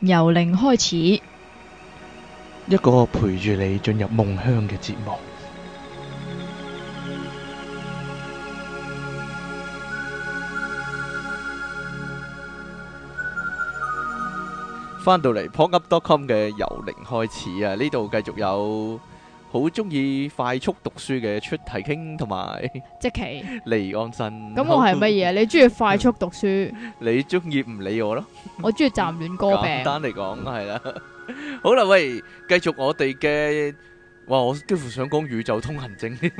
由零開始，一個陪住你進入夢鄉嘅節目。翻到嚟，p 扑噏 dotcom 嘅由零開始啊！呢度繼續有。好中意快速讀書嘅出題傾同埋即期離安身。咁我係乜嘢啊？你中意快速讀書，你中意唔理我咯？我中意站遠歌。簡單嚟講係啦。好啦，喂，繼續我哋嘅，哇！我幾乎想講宇宙通行證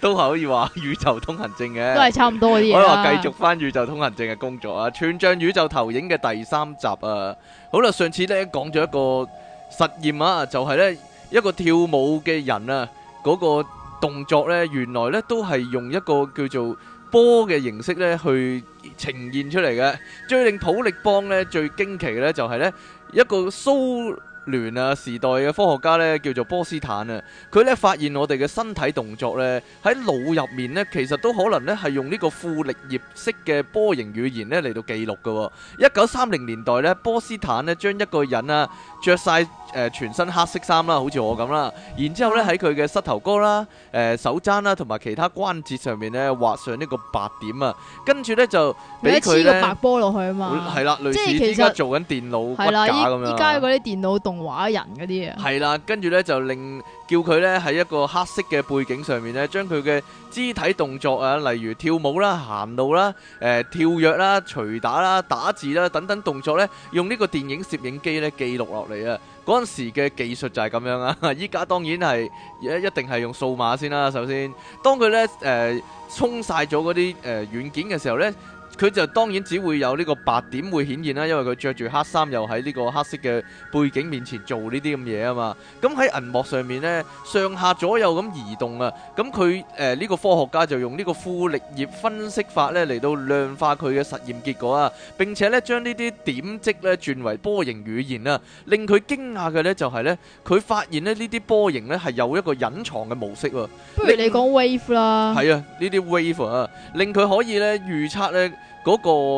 都可以話宇宙通行證嘅，都係差唔多嗰啲啦。繼續翻宇宙通行證嘅工作啊！《全像宇宙投影》嘅第三集啊！好啦，上次咧講咗一個實驗啊，就係咧。一個跳舞嘅人啊，嗰個動作咧，原來咧都係用一個叫做波嘅形式咧去呈現出嚟嘅。最令普力邦咧最驚奇嘅咧就係咧一個蘇聯啊！時代嘅科學家咧叫做波斯坦啊，佢咧發現我哋嘅身體動作咧喺腦入面咧，其實都可能咧係用呢個傅立葉式嘅波形語言咧嚟到記錄嘅。一九三零年代咧，波斯坦呢將一個人啊着晒誒全身黑色衫啦，好似我咁啦，然之後咧喺佢嘅膝頭哥啦、誒手踭啦同埋其他關節上面咧畫上呢個白點啊，跟住咧就俾佢咧白波落去啊嘛，係啦，類似依家做緊電腦係啦，依依家嗰啲電腦動。畫人嗰啲啊，係啦，跟住咧就令叫佢咧喺一個黑色嘅背景上面咧，將佢嘅肢體動作啊，例如跳舞啦、行路啦、誒跳躍啦、捶打啦、打字啦等等動作咧，用呢個電影攝影機咧記錄落嚟啊！嗰陣時嘅技術就係咁樣啊，依家當然係一一定係用數碼先啦。首先，當佢咧誒沖曬咗嗰啲誒軟件嘅時候咧。佢就當然只會有呢個白點會顯現啦，因為佢著住黑衫又喺呢個黑色嘅背景面前做呢啲咁嘢啊嘛。咁喺銀幕上面咧，上下左右咁移動啊。咁佢誒呢個科學家就用呢個傅立葉分析法咧嚟到量化佢嘅實驗結果啊。並且咧將呢啲點跡咧轉為波形語言啦。令佢驚訝嘅咧就係咧，佢發現咧呢啲波形咧係有一個隱藏嘅模式喎。不如你講 wave 啦。係啊，呢啲 wave 啊，令佢可以咧預測咧。嗰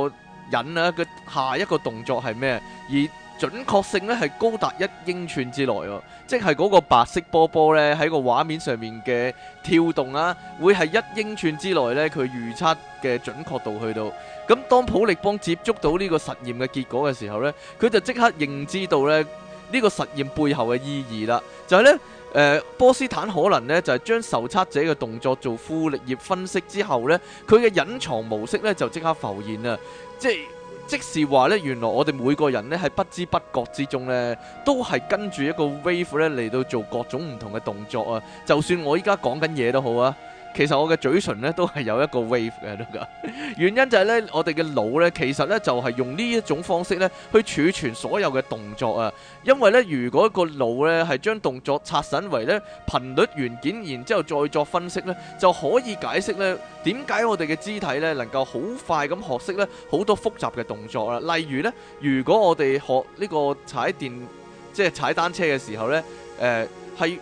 個人呢，佢下一個動作係咩？而準確性呢，係高達一英寸之內喎，即係嗰個白色波波呢，喺個畫面上面嘅跳動啦，會係一英寸之內呢，佢預測嘅準確度去到。咁當普力邦接觸到呢個實驗嘅結果嘅時候呢，佢就即刻認知到咧呢個實驗背後嘅意義啦，就係呢。呃、波斯坦可能呢就係將受測者嘅動作做傅立葉分析之後咧，佢嘅隱藏模式呢就即刻浮現啊！即即是話呢，原來我哋每個人咧，喺不知不覺之中呢都係跟住一個 wave 咧嚟到做各種唔同嘅動作啊！就算我依家講緊嘢都好啊！其實我嘅嘴唇咧都係有一個 wave 嘅， 原因就係咧，我哋嘅腦咧其實咧就係、是、用呢一種方式咧去儲存所有嘅動作啊。因為咧，如果個腦咧係將動作拆散為咧頻率元件，然之後再作分析咧，就可以解釋咧點解我哋嘅肢體咧能夠好快咁學識咧好多複雜嘅動作啦、啊。例如咧，如果我哋學呢個踩電即係、就是、踩單車嘅時候咧，誒係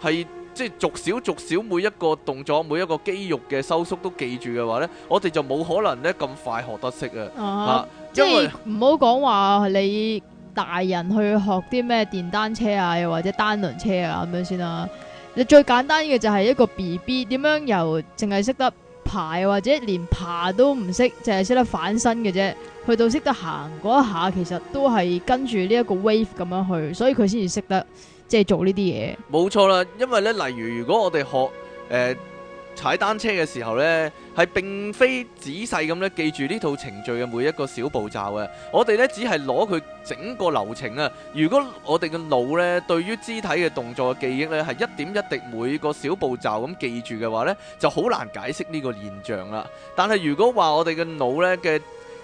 係。即係逐少逐少，每一個動作、每一個肌肉嘅收縮都記住嘅話呢，我哋就冇可能咧咁快學得識啊！因為即係唔好講話你大人去學啲咩電單車啊，又或者單輪車啊咁樣先啦、啊。你最簡單嘅就係一個 B B 點樣由淨係識得爬，或者連爬都唔識，淨係識得反身嘅啫。去到識得行嗰一下，其實都係跟住呢一個 wave 咁樣去，所以佢先至識得。即係做呢啲嘢，冇錯啦。因為呢，例如如果我哋學誒、呃、踩單車嘅時候呢，係並非仔細咁咧記住呢套程序嘅每一個小步驟嘅，我哋呢，只係攞佢整個流程啊。如果我哋嘅腦呢，對於肢體嘅動作嘅記憶呢，係一點一滴每個小步驟咁記住嘅話呢，就好難解釋呢個現象啦。但係如果話我哋嘅腦呢嘅，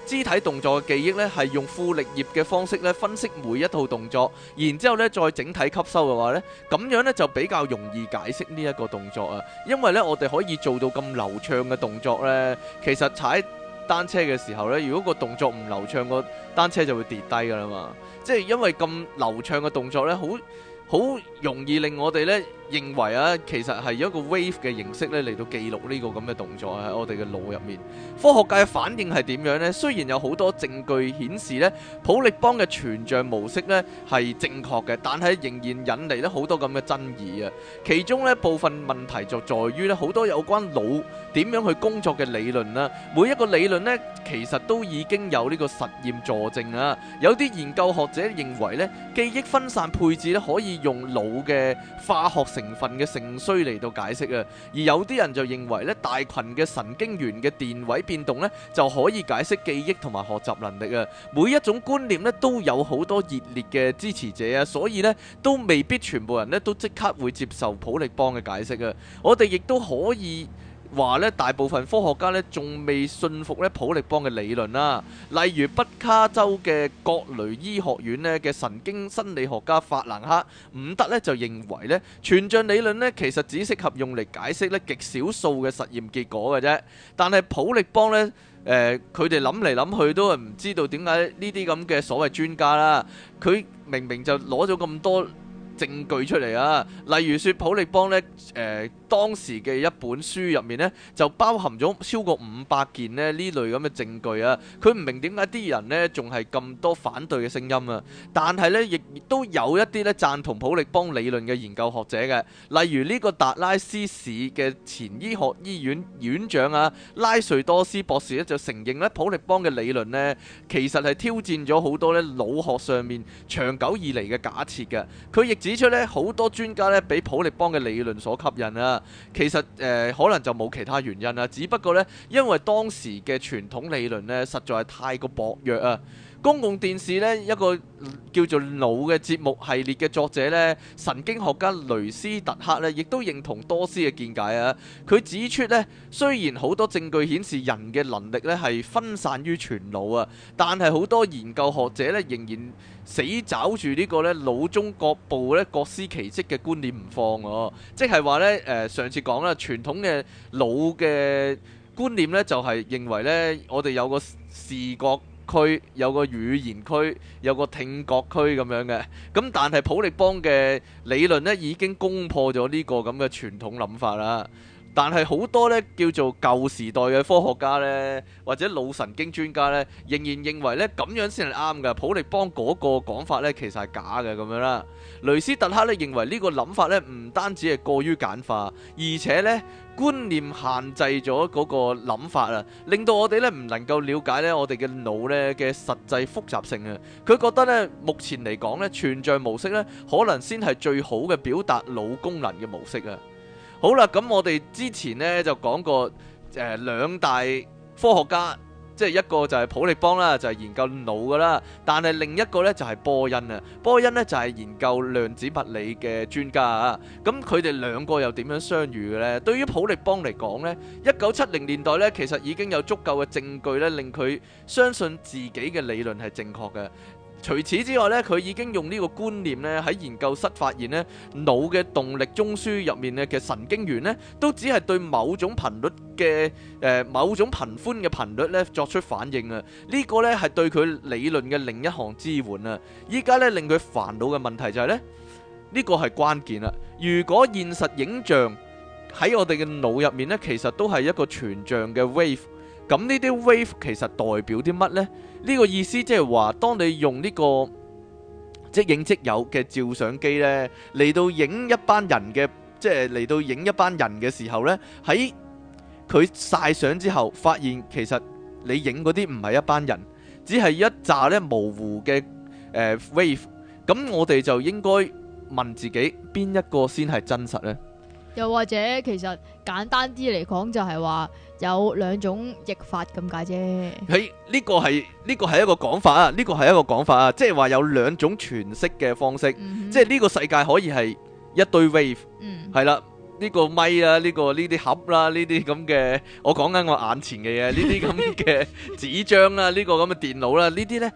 肢體動作嘅記憶咧，係用傅立葉嘅方式咧分析每一套動作，然之後咧再整體吸收嘅話咧，咁樣咧就比較容易解釋呢一個動作啊。因為咧我哋可以做到咁流暢嘅動作咧，其實踩單車嘅時候咧，如果個動作唔流暢，個單車就會跌低噶啦嘛。即係因為咁流暢嘅動作咧，好好容易令我哋咧。認為啊，其實係一個 wave 嘅形式咧嚟到記錄呢個咁嘅動作喺我哋嘅腦入面。科學界嘅反應係點樣咧？雖然有好多證據顯示咧普力邦嘅全像模式咧係正確嘅，但係仍然引嚟咧好多咁嘅爭議啊。其中咧部分問題就在於咧好多有關腦點樣去工作嘅理論啦。每一個理論咧其實都已經有呢個實驗佐證啊。有啲研究學者認為咧記憶分散配置咧可以用腦嘅化學。成分嘅盛衰嚟到解釋啊，而有啲人就認為咧，大群嘅神經元嘅電位變動咧，就可以解釋記憶同埋學習能力啊。每一種觀念咧，都有好多熱烈嘅支持者啊，所以咧，都未必全部人咧都即刻會接受普力邦嘅解釋啊。我哋亦都可以。話咧，大部分科學家咧仲未信服咧普力邦嘅理論啦。例如北卡州嘅格雷醫學院咧嘅神經生理學家法蘭克伍德咧就認為咧，全像理論咧其實只適合用嚟解釋咧極少數嘅實驗結果嘅啫。但係普力邦咧，誒佢哋諗嚟諗去都係唔知道點解呢啲咁嘅所謂專家啦，佢明明就攞咗咁多。證據出嚟啊！例如説普利邦呢，誒、呃、當時嘅一本書入面呢，就包含咗超過五百件咧呢呢類咁嘅證據啊！佢唔明點解啲人呢仲係咁多反對嘅聲音啊！但係呢，亦都有一啲呢贊同普利邦理論嘅研究學者嘅，例如呢個達拉斯市嘅前醫學醫院院長啊拉瑞多斯博士呢，就承認呢普利邦嘅理論呢，其實係挑戰咗好多呢腦學上面長久以嚟嘅假設嘅，佢亦。指出咧好多專家咧畀普利邦嘅理論所吸引啦，其實誒、呃、可能就冇其他原因啦，只不過咧因為當時嘅傳統理論咧實在係太過薄弱啊。公共電視呢，一個叫做腦嘅節目系列嘅作者呢，神經學家雷斯特克呢，亦都認同多斯嘅見解啊！佢指出呢，雖然好多證據顯示人嘅能力呢係分散於全腦啊，但係好多研究學者呢，仍然死抓住呢個呢腦中各部呢各司其職嘅觀念唔放，即係話呢，誒上次講啦，傳統嘅腦嘅觀念呢，就係認為呢，我哋有個視覺。區有個語言區，有個聽覺區咁樣嘅，咁但係普力邦嘅理論呢，已經攻破咗呢個咁嘅傳統諗法啦。但係好多咧叫做舊時代嘅科學家咧，或者腦神經專家咧，仍然認為咧咁樣先係啱嘅。普利邦嗰個講法咧其實係假嘅咁樣啦。雷斯特克咧認為呢個諗法咧唔單止係過於簡化，而且咧觀念限制咗嗰個諗法啊，令到我哋咧唔能夠瞭解咧我哋嘅腦咧嘅實際複雜性啊。佢覺得咧目前嚟講咧存在模式咧可能先係最好嘅表達腦功能嘅模式啊。好啦，咁我哋之前呢就講過，誒、呃、兩大科學家，即係一個就係普利邦啦，就係、是、研究腦噶啦，但係另一個呢就係、是、波恩啊，波恩呢就係、是、研究量子物理嘅專家啊，咁佢哋兩個又點樣相遇嘅呢？對於普利邦嚟講呢，一九七零年代呢其實已經有足夠嘅證據呢令佢相信自己嘅理論係正確嘅。除此之外咧，佢已經用呢個觀念咧喺研究室發現咧，腦嘅動力中樞入面嘅神經元咧，都只係對某種頻率嘅誒、呃、某種頻寬嘅頻率咧作出反應啊！呢個咧係對佢理論嘅另一項支援啊！依家咧令佢煩惱嘅問題就係咧，呢個係關鍵啦！如果現實影像喺我哋嘅腦入面咧，其實都係一個全像嘅 wave。咁呢啲 wave 其實代表啲乜咧？呢個意思即係話，當你用呢個即影即有嘅照相機咧，嚟到影一班人嘅，即係嚟到影一班人嘅時候咧，喺佢曬相之後，發現其實你影嗰啲唔係一班人，只係一紮咧模糊嘅誒 wave。咁我哋就應該問自己，邊一個先係真實咧？又或者其實簡單啲嚟講，就係話。有兩種譯法咁解啫，喺呢個係呢個係一個講法啊，呢個係一個講法啊，即係話有兩種詮釋嘅方式，即係呢個世界可以係一堆 wave，係啦，呢個咪呀，呢個呢啲盒啦，呢啲咁嘅，我講緊我眼前嘅嘢，呢啲咁嘅紙張啦，呢個咁嘅電腦啦，呢啲呢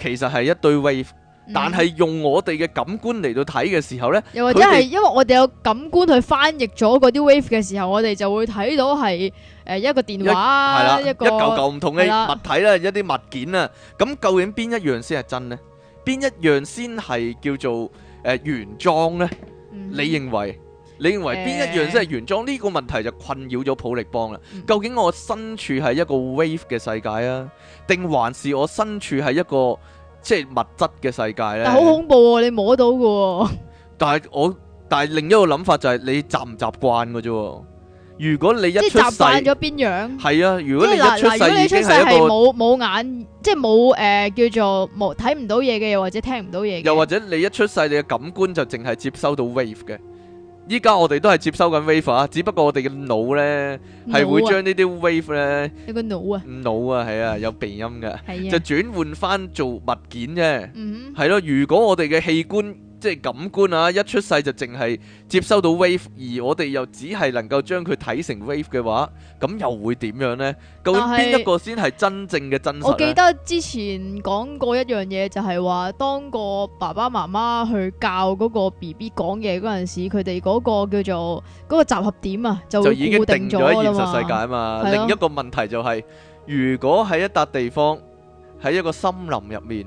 其實係一堆 wave。但係用我哋嘅感官嚟到睇嘅時候呢，又或者係因為我哋有感官去翻譯咗嗰啲 wave 嘅時候，我哋就會睇到係誒一個電話，係啦，一嚿嚿唔同嘅物體啦，一啲物件啊。咁究竟邊一樣先係真呢？邊一樣先係叫做誒原裝呢？你認為？你認為邊一樣先係原裝？呢個問題就困擾咗普力邦啦。究竟我身處係一個 wave 嘅世界啊，定還是我身處係一個？即係物質嘅世界咧，但係好恐怖喎！你摸到嘅，但係我但係另一個諗法就係你習唔習慣嘅啫。如果你一出世，即係習慣咗邊樣？係啊，如果你一出世已經係一個冇冇眼，即係冇誒叫做冇睇唔到嘢嘅，又或者聽唔到嘢嘅，又或者你一出世你嘅感官就淨係接收到 wave 嘅。依家我哋都係接收緊 wave 啊，只不過我哋嘅腦咧係會將呢啲 wave 咧，腦啊腦啊、個腦啊，腦啊係啊，有鼻音嘅，啊、就轉換翻做物件啫，係咯、嗯哼啊，如果我哋嘅器官。即係感官啊！一出世就淨係接收到 wave，而我哋又只係能夠將佢睇成 wave 嘅話，咁又會點樣呢？究竟邊一個先係真正嘅真實？我記得之前講過一樣嘢，就係話當個爸爸媽媽去教嗰個 BB 講嘢嗰陣時，佢哋嗰個叫做嗰個集合點啊，就已經定咗喺嘛。現實世界啊嘛，了另一個問題就係，如果喺一笪地方，喺一個森林入面，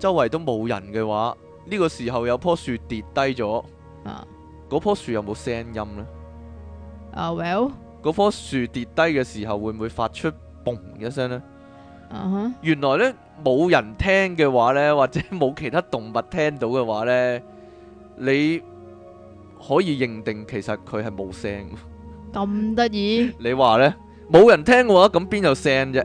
周圍都冇人嘅話。呢個時候有棵樹跌低咗，嗰、啊、棵樹有冇聲音呢？啊、uh，Well，嗰棵樹跌低嘅時候會唔會發出嘣一聲呢？Uh huh. 原來呢，冇人聽嘅話呢，或者冇其他動物聽到嘅話呢，你可以認定其實佢係冇聲嘅。咁得意？你話呢，冇人聽嘅話，咁邊有聲啫？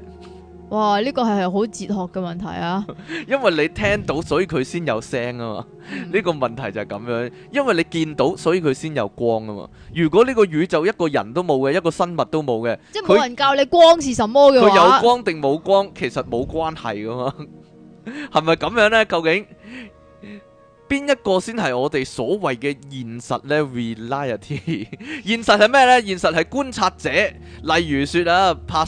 哇！呢、這個係好哲學嘅問題啊！因為你聽到，所以佢先有聲啊嘛。呢、這個問題就係咁樣，因為你見到，所以佢先有光啊嘛。如果呢個宇宙一個人都冇嘅，一個生物都冇嘅，即係冇人教你光是什麼嘅話，佢有光定冇光，其實冇關係噶嘛。係咪咁樣呢？究竟邊一個先係我哋所謂嘅現實呢？Reality 現實係咩呢？現實係觀察者，例如說啊，拍。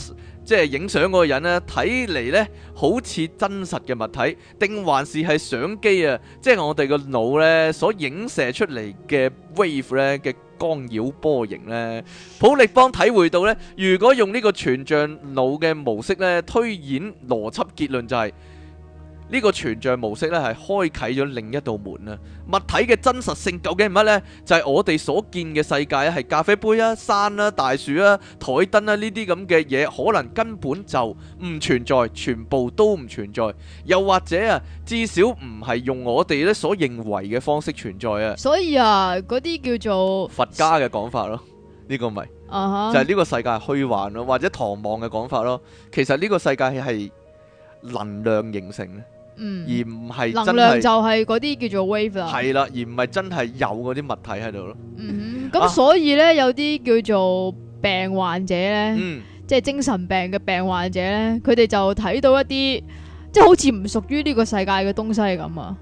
即係影相嗰個人咧，睇嚟咧好似真實嘅物體，定還是係相機啊？即係我哋個腦咧所影射出嚟嘅 wave 咧嘅干擾波形咧，普力邦體會到咧，如果用呢個全像腦嘅模式咧推演邏輯結論就係、是。呢個存在模式咧係開啟咗另一道門啦。物體嘅真實性究竟係乜呢？就係、是、我哋所見嘅世界啊，係咖啡杯啊、山啊、大樹啊、台燈啊呢啲咁嘅嘢，可能根本就唔存在，全部都唔存在。又或者啊，至少唔係用我哋咧所認為嘅方式存在啊。所以啊，嗰啲叫做佛家嘅講法咯，呢、這個咪、uh huh. 就係呢個世界係虛幻咯，或者唐望嘅講法咯。其實呢個世界係能量形成，嗯、而唔係能量就係嗰啲叫做 wave 啦，係啦，而唔係真係有嗰啲物體喺度咯。咁、嗯、所以咧，啊、有啲叫做病患者咧，嗯、即係精神病嘅病患者咧，佢哋就睇到一啲即係好似唔屬於呢個世界嘅東西咁啊！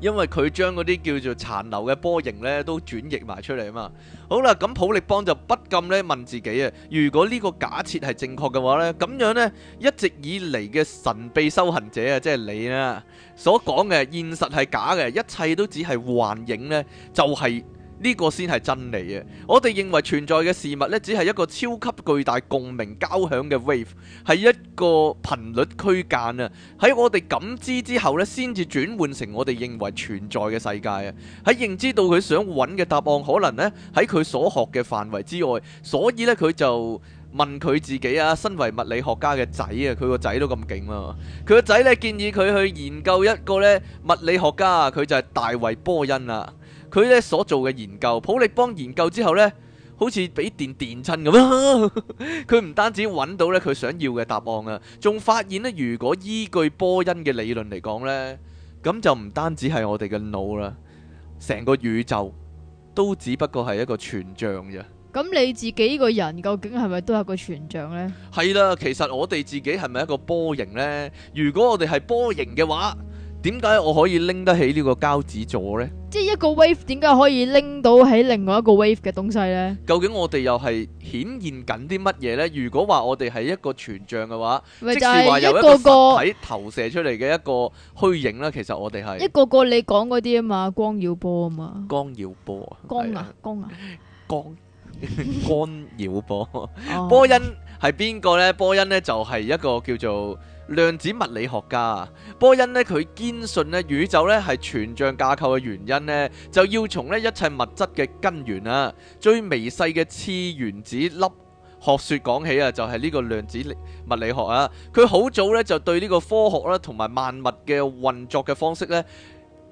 因為佢將嗰啲叫做殘留嘅波形咧，都轉譯埋出嚟啊嘛。好啦，咁普力邦就不禁咧問自己啊：如果呢個假設係正確嘅話咧，咁樣咧一直以嚟嘅神秘修行者啊，即係你啊，所講嘅現實係假嘅，一切都只係幻影咧，就係。呢個先係真理啊！我哋認為存在嘅事物咧，只係一個超級巨大共鳴交響嘅 wave，係一個頻率區間啊！喺我哋感知之後咧，先至轉換成我哋認為存在嘅世界啊！喺認知到佢想揾嘅答案可能咧喺佢所學嘅範圍之外，所以咧佢就問佢自己啊，身為物理學家嘅仔啊，佢個仔都咁勁啦！佢個仔咧建議佢去研究一個咧物理學家，佢就係大衛波恩啊！佢咧所做嘅研究，普力邦研究之後呢，好似俾電電親咁啊！佢 唔單止揾到呢佢想要嘅答案啊，仲發現呢。如果依據波恩嘅理論嚟講呢，咁就唔單止係我哋嘅腦啦，成個宇宙都只不過係一個全像啫。咁你自己個人究竟係咪都係個全像呢？係啦，其實我哋自己係咪一個波形呢？如果我哋係波形嘅話，點解我可以拎得起呢個膠紙座咧？即係一個 wave 點解可以拎到喺另外一個 wave 嘅東西咧？究竟我哋又係顯現緊啲乜嘢咧？如果話我哋係一個全像嘅話，即係話有一個實體投射出嚟嘅一個虛影啦。其實我哋係一個個你講嗰啲啊嘛，光繞波啊嘛，光繞波啊，光啊，光啊，光光繞波。波恩係邊個咧？波恩咧就係一個叫做。量子物理學家波恩咧，佢堅信咧，宇宙咧係全像架構嘅原因咧，就要從咧一切物質嘅根源啊，最微細嘅次原子粒學説講起啊，就係呢個量子物理學啊。佢好早咧就對呢個科學啦，同埋萬物嘅運作嘅方式咧，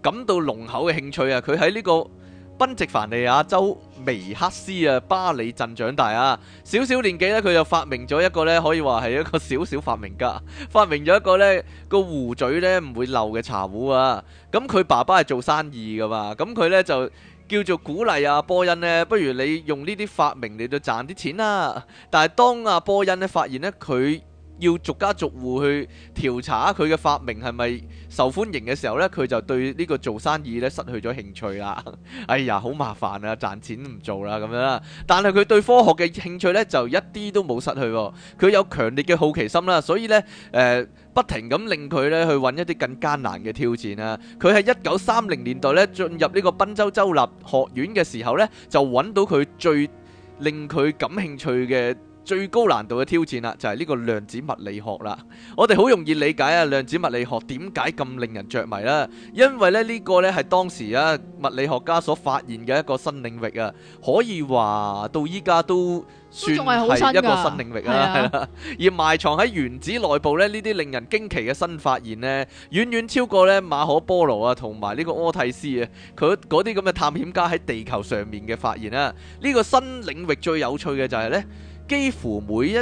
感到濃厚嘅興趣啊。佢喺呢個賓夕凡尼亞州尼克斯啊巴里鎮長大啊，小小年紀呢，佢就發明咗一個呢，可以話係一個小小發明家，發明咗一個呢個壺嘴呢唔會漏嘅茶壺啊！咁佢爸爸係做生意噶嘛，咁佢呢就叫做鼓勵阿波恩呢，不如你用呢啲發明嚟到賺啲錢啦！但係當阿波恩呢發現呢，佢。要逐家逐戶去調查下佢嘅發明係咪受歡迎嘅時候咧，佢就對呢個做生意咧失去咗興趣啦。哎呀，好麻煩啊，賺錢唔做啦咁樣。但係佢對科學嘅興趣咧就一啲都冇失去喎。佢有強烈嘅好奇心啦，所以咧誒，不停咁令佢咧去揾一啲更艱難嘅挑戰呀。佢喺一九三零年代咧進入呢個賓州州立學院嘅時候咧，就揾到佢最令佢感興趣嘅。最高難度嘅挑戰啦，就係呢個量子物理學啦。我哋好容易理解啊，量子物理學點解咁令人着迷啦？因為咧呢個呢，係當時啊物理學家所發現嘅一個新領域啊，可以話到依家都算係一個新領域啊。都仲係好新嘅。 而埋藏喺原子內部呢，呢啲令人驚奇嘅新發現呢，遠遠超過咧馬可波羅啊同埋呢個柯蒂斯啊，佢嗰啲咁嘅探險家喺地球上面嘅發現啊。呢個新領域最有趣嘅就係呢。幾乎每一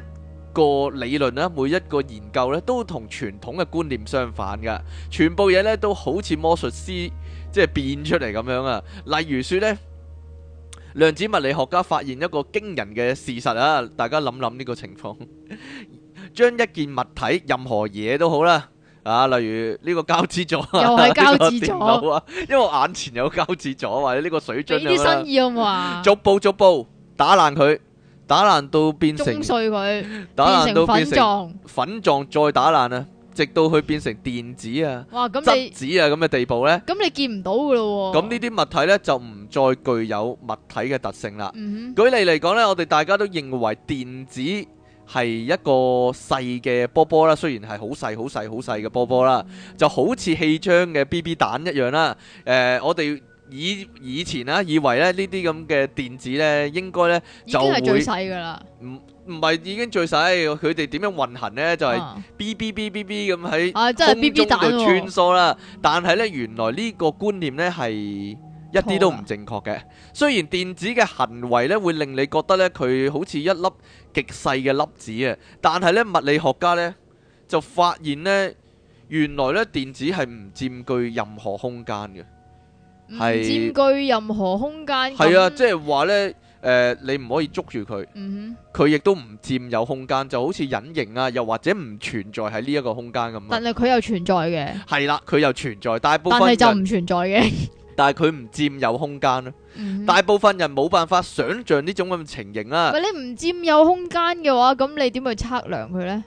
個理論咧、啊，每一個研究咧、啊，都同傳統嘅觀念相反嘅，全部嘢咧都好似魔術師即係變出嚟咁樣啊！例如說呢，量子物理學家發現一個驚人嘅事實啊！大家諗諗呢個情況，將一件物體，任何嘢都好啦啊，啊，例如呢個膠紙座，又係膠紙座， 啊、因為眼前有膠紙座。或者呢個水樽呢啲新意好冇 逐步逐步打爛佢。打爛到變成碎佢，打爛到變成粉狀，粉狀再打爛啊，直到佢變成電子啊，哇咁粒、嗯、子啊咁嘅地步呢。咁、嗯嗯、你見唔到噶咯？咁呢啲物體呢，就唔再具有物體嘅特性啦。舉例嚟講呢，我哋大家都認為電子係一個細嘅波波啦，雖然係好細、好細、好細嘅波波啦，就好似氣槍嘅 BB 彈一樣啦。誒、呃，我哋。以以前啦，以為咧呢啲咁嘅電子咧，應該咧就係最細噶啦。唔唔係已經最細，佢哋點樣運行咧？就係、是 B，啊、B B B B B 咁喺空中度穿梭啦。啊啊啊、但係咧，原來呢個觀念咧係一啲都唔正確嘅。的雖然電子嘅行為咧會令你覺得咧佢好似一粒極細嘅粒子啊，但係咧物理學家咧就發現咧原來咧電子係唔佔據任何空間嘅。係佔據任何空間，係啊，即係話咧，誒、呃，你唔可以捉住佢，嗯哼，佢亦都唔佔有空間，就好似隱形啊，又或者唔存在喺呢一個空間咁啊。但係佢又存在嘅，係啦，佢又存在，大部分，就唔存在嘅。 但係佢唔佔有空間咯、啊，嗯、哼大部分人冇辦法想象呢種咁嘅情形啊。你唔佔有空間嘅話，咁你點去測量佢咧？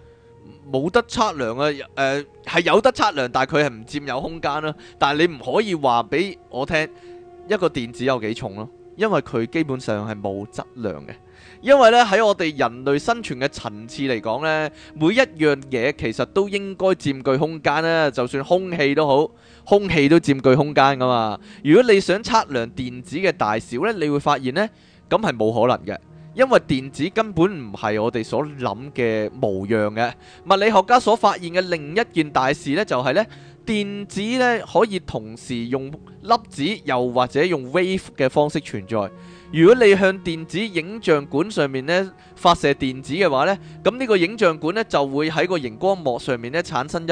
冇得測量啊！誒係有得測量，但係佢係唔佔有空間啦。但係你唔可以話俾我聽一個電子有幾重咯，因為佢基本上係冇質量嘅。因為呢喺我哋人類生存嘅層次嚟講呢，每一樣嘢其實都應該佔據空間啦。就算空氣都好，空氣都佔據空間噶嘛。如果你想測量電子嘅大小呢，你會發現呢，咁係冇可能嘅。因為電子根本唔係我哋所諗嘅模樣嘅，物理學家所發現嘅另一件大事咧，就係咧電子咧可以同時用粒子又或者用 wave 嘅方式存在。如果你向電子影像管上面咧發射電子嘅話咧，咁呢個影像管咧就會喺個熒光幕上面咧產生一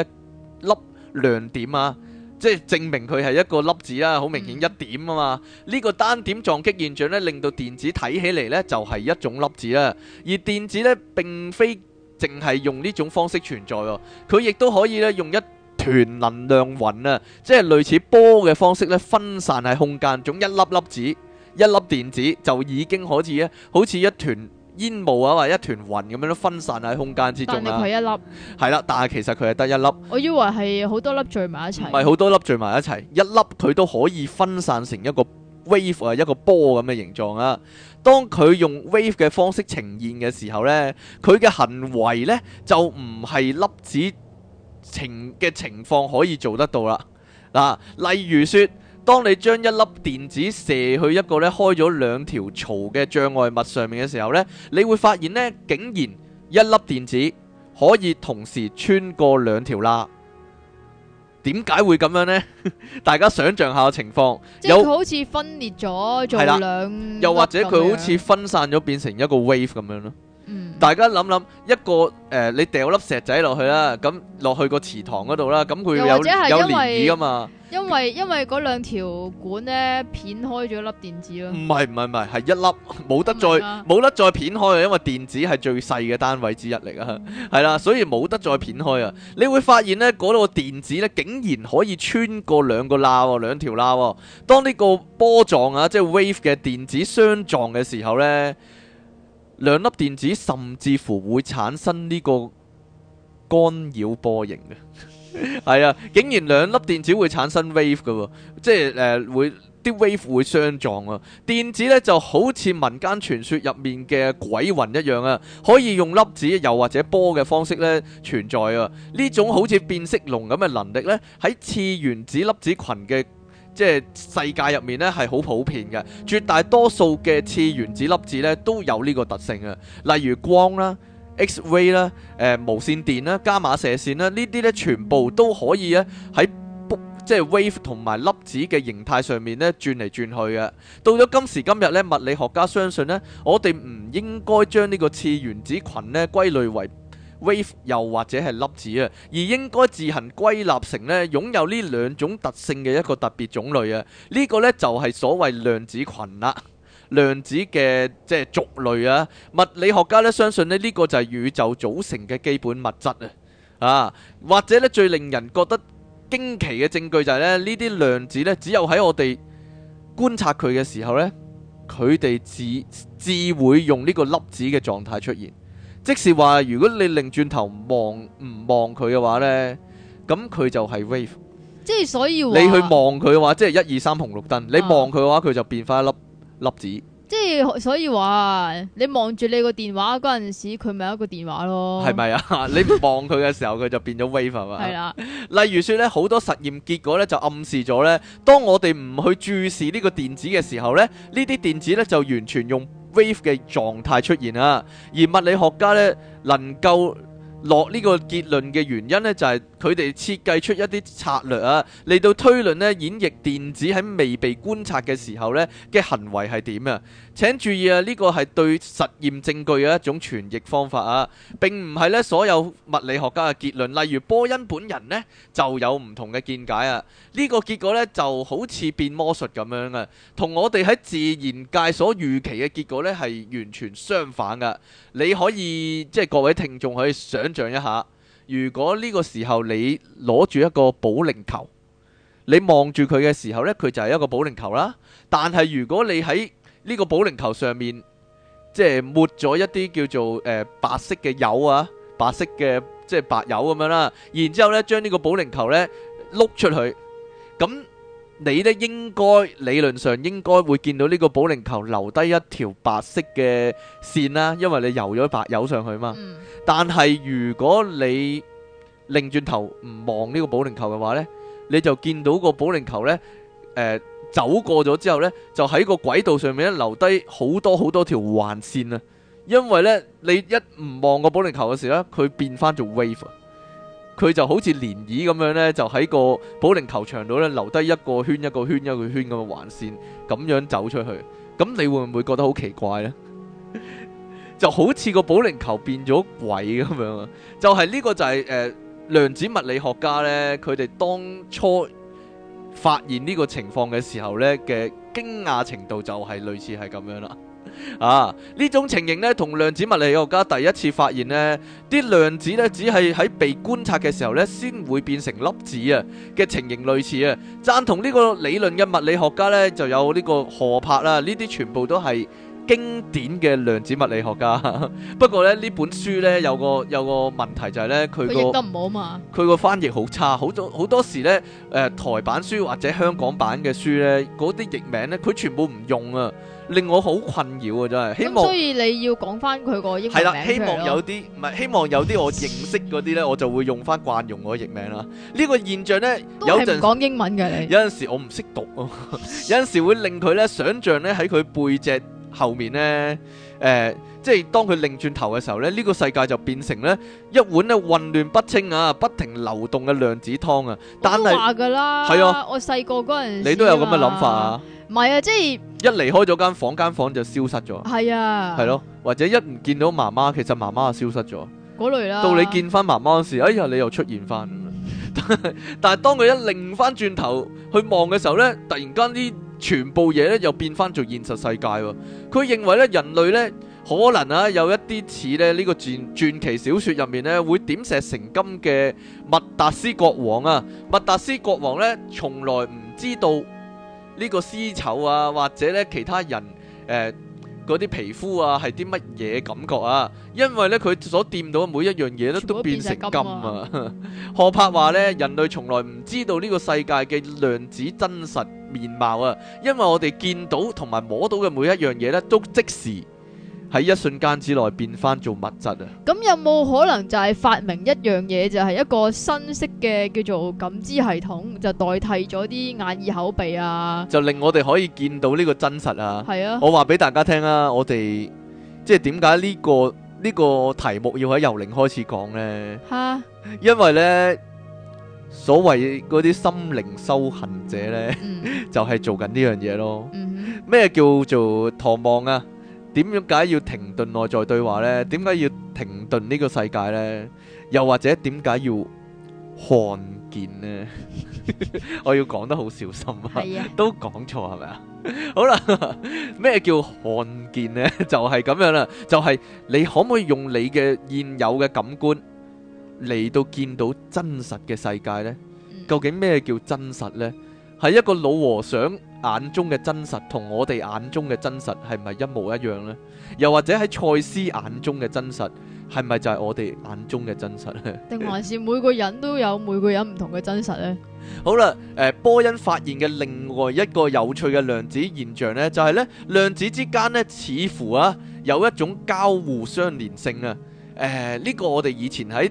粒亮點啊！即係證明佢係一個粒子啦，好明顯一點啊嘛。呢個單點撞擊現象咧，令到電子睇起嚟咧就係一種粒子啦。而電子咧並非淨係用呢種方式存在喎，佢亦都可以咧用一團能量雲啊，即係類似波嘅方式咧分散喺空間，總一粒粒子、一粒電子就已經好似咧，好似一團。煙霧啊，或一團雲咁樣都分散喺空間之中啦，啊。但係佢一粒係啦，但係其實佢係得一粒。我以為係好多粒聚埋一齊，唔係好多粒聚埋一齊，一粒佢都可以分散成一個 wave 啊，一個波咁嘅形狀啊。當佢用 wave 嘅方式呈現嘅時候呢，佢嘅行為呢就唔係粒子情嘅情況可以做得到啦。嗱，例如說。當你將一粒電子射去一個咧開咗兩條槽嘅障礙物上面嘅時候呢，你會發現竟然一粒電子可以同時穿過兩條罅。點解會咁樣呢？ 大家想象下嘅情況，有係佢好似分裂咗做兩粒，又或者佢好似分散咗變成一個 wave 咁樣咯。嗯、大家諗諗，一個誒、呃，你掉粒石仔落去啦，咁落去個池塘嗰度啦，咁佢有有漣漪噶嘛因，因為因為嗰兩條管咧，片開咗一粒電子咯。唔係唔係唔係，係一粒，冇得再冇得再片開啊！因為電子係最細嘅單位之一嚟啊，係啦、嗯，所以冇得再片開啊！嗯、你會發現咧，嗰個電子咧，竟然可以穿過兩個罅，兩條罅。當呢個波狀啊，即係 wave 嘅電子相撞嘅時候咧。兩粒電子甚至乎會產生呢個干擾波形嘅，係啊，竟然兩粒電子會產生 wave 㗎，即係誒、呃、會啲 wave 會相撞啊！電子呢就好似民間傳說入面嘅鬼魂一樣啊，可以用粒子又或者波嘅方式呢存在啊！呢種好似變色龍咁嘅能力呢，喺次原子粒子群嘅。即係世界入面咧係好普遍嘅，絕大多數嘅次原子粒子咧都有呢個特性嘅，例如光啦、X ray 啦、誒無線電啦、伽馬射線啦，呢啲咧全部都可以咧喺即係 wave 同埋粒子嘅形態上面咧轉嚟轉去嘅。到咗今時今日咧，物理學家相信咧，我哋唔應該將呢個次原子群咧歸類為 wave 又或者係粒子啊，而應該自行歸納成咧擁有呢兩種特性嘅一個特別種類啊，呢、這個呢就係所謂量子群啦，量子嘅即係族類啊。物理學家咧相信咧呢個就係宇宙組成嘅基本物質啊啊，或者呢最令人覺得驚奇嘅證據就係咧呢啲量子呢只有喺我哋觀察佢嘅時候呢，佢哋自自會用呢個粒子嘅狀態出現。即是話，如果你擰轉頭望唔望佢嘅話呢，咁佢就係 wave。即係所以你去望佢嘅話，即係一二三紅綠燈。你望佢嘅話，佢、啊、就變翻一粒粒子。即係所以話，你望住你個電話嗰陣時，佢咪一個電話咯？係咪啊？ 你唔望佢嘅時候，佢就變咗 wave 啊 是吧？係啦。例如說咧，好多實驗結果咧就暗示咗呢，當我哋唔去注視呢個電子嘅時候呢，呢啲電子呢就完全用。wave 嘅狀態出現啊，而物理學家咧能夠落呢個結論嘅原因咧，就係、是。佢哋設計出一啲策略啊，嚟到推論呢演繹電子喺未被觀察嘅時候呢嘅行為係點啊？請注意啊，呢個係對實驗證據嘅一種傳譯方法啊，並唔係呢所有物理學家嘅結論。例如波恩本人呢就有唔同嘅見解啊。呢個結果呢就好似變魔術咁樣啊，同我哋喺自然界所預期嘅結果呢係完全相反噶。你可以即係各位聽眾可以想象一下。如果呢個時候你攞住一個保齡球，你望住佢嘅時候呢，佢就係一個保齡球啦。但係如果你喺呢個保齡球上面，即係抹咗一啲叫做誒白色嘅油啊，白色嘅即係白油咁樣啦，然之後呢，將呢個保齡球呢碌出去，咁。你咧應該理論上應該會見到呢個保齡球留低一條白色嘅線啦，因為你游咗白油上去嘛。嗯、但係如果你擰轉頭唔望呢個保齡球嘅話呢，你就見到個保齡球呢，誒、呃、走過咗之後呢，就喺個軌道上面咧留低好多好多條橫線啊，因為呢，你一唔望個保齡球嘅時候呢，佢變翻做 wave。佢就好似漣漪咁樣呢，就喺個保齡球場度呢，留低一個圈、一個圈、一個圈咁樣環線，咁樣走出去。咁你會唔會覺得好奇怪呢？ 就好似個保齡球變咗鬼咁樣啊！就係、是、呢個就係、是、誒，量、呃、子物理學家呢，佢哋當初發現呢個情況嘅時候呢，嘅驚訝程度就係類似係咁樣啦。啊！呢種情形呢，同量子物理學家第一次發現呢啲量子呢，只係喺被觀察嘅時候呢先會變成粒子啊嘅情形類似啊。贊同呢個理論嘅物理學家呢，就有呢個河柏啦，呢啲全部都係經典嘅量子物理學家。不過呢，呢本書呢，有個有個問題就係呢，佢個譯得唔好嘛，佢個翻譯好差，好多好多時呢，誒、呃、台版書或者香港版嘅書呢，嗰啲譯名呢，佢全部唔用啊。令我好困擾啊！真係，希望，所以你要講翻佢個英文名。係啦，希望有啲唔係，希望有啲我認識嗰啲咧，我就會用翻慣用我個譯名啦。呢 個現象咧，有陣講英文嘅時，你有陣時我唔識讀， 有陣時會令佢咧想象咧喺佢背脊後面咧，誒、呃，即係當佢擰轉頭嘅時候咧，呢、這個世界就變成咧一碗咧混亂不清啊，不停流動嘅量子湯啊。都話噶啦，係是啊！啊我細個嗰陣時，你都有咁嘅諗法啊。啊唔係啊，即係一離開咗間房，間房就消失咗。係啊，係咯，或者一唔見到媽媽，其實媽媽就消失咗嗰類啦，啊。到你見翻媽媽嗰時候，哎呀，你又出現翻。但係但係，當佢一擰翻轉頭去望嘅時候呢，突然間啲全部嘢呢又變翻做現實世界。佢認為咧，人類呢，可能啊有一啲似咧呢個傳傳奇小說入面咧會點石成金嘅麥達斯國王啊，麥達斯國王呢，從來唔知道。呢個絲綢啊，或者咧其他人誒嗰啲皮膚啊，係啲乜嘢感覺啊？因為咧佢所掂到嘅每一樣嘢咧都變成金啊！ 何柏話咧：人類從來唔知道呢個世界嘅量子真實面貌啊，因為我哋見到同埋摸到嘅每一樣嘢咧，都即時。喺一瞬間之內變翻做物質啊！咁有冇可能就係發明一樣嘢，就係一個新式嘅，叫做感知系統，就代替咗啲眼耳口鼻啊，就令我哋可以見到呢個真實啊！係啊！我話俾大家聽啊，我哋即係點解呢個呢個題目要喺由零開始講呢？吓，因為呢，所謂嗰啲心靈修行者呢，就係做緊呢樣嘢咯。咩叫做唐望啊？點解要停頓內在對話咧？點解要停頓呢個世界咧？又或者點解要看見咧？我要講得好小心啊，都講錯，係咪啊？好啦，咩叫看見咧？就係咁樣啦，就係你可唔可以用你嘅現有嘅感官嚟到見到真實嘅世界咧？究竟咩叫真實咧？係一個老和尚眼中嘅真實同我哋眼中嘅真實係咪一模一樣呢？又或者喺賽斯眼中嘅真實係咪就係我哋眼中嘅真實呢？定還是每個人都有每個人唔同嘅真實呢？ 好啦、呃，波恩發現嘅另外一個有趣嘅量子現象呢，就係、是、呢：量子之間呢，似乎啊有一種交互相連性啊。誒、呃，呢、這個我哋以前喺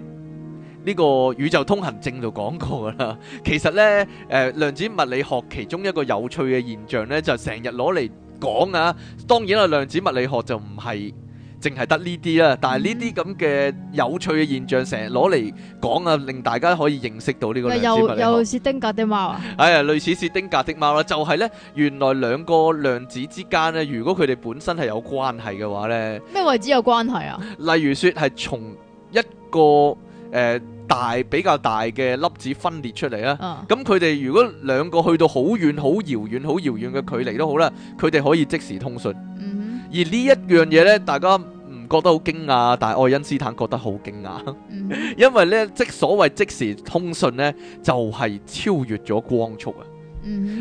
呢個宇宙通行證就講過啦。其實咧，誒量子物理學其中一個有趣嘅現象咧，就成日攞嚟講啊。當然啦，量子物理學就唔係淨係得呢啲啦。但係呢啲咁嘅有趣嘅現象，成日攞嚟講啊，令大家可以認識到呢個量子物理學。又又是薛定格的貓啊？哎呀，類似薛定格的貓啦。就係咧，原來兩個量子之間咧，如果佢哋本身係有關係嘅話咧，咩位置有關係啊？例如説係從一個。誒、呃，大比較大嘅粒子分裂出嚟啦，咁佢哋如果兩個去到很遠很遠很遠好遠、好遙遠、好遙遠嘅距離都好啦，佢哋可以即時通訊。而呢一樣嘢呢，大家唔覺得好驚訝，但係愛因斯坦覺得好驚訝， 因為呢，即所謂即時通訊呢，就係、是、超越咗光速啊。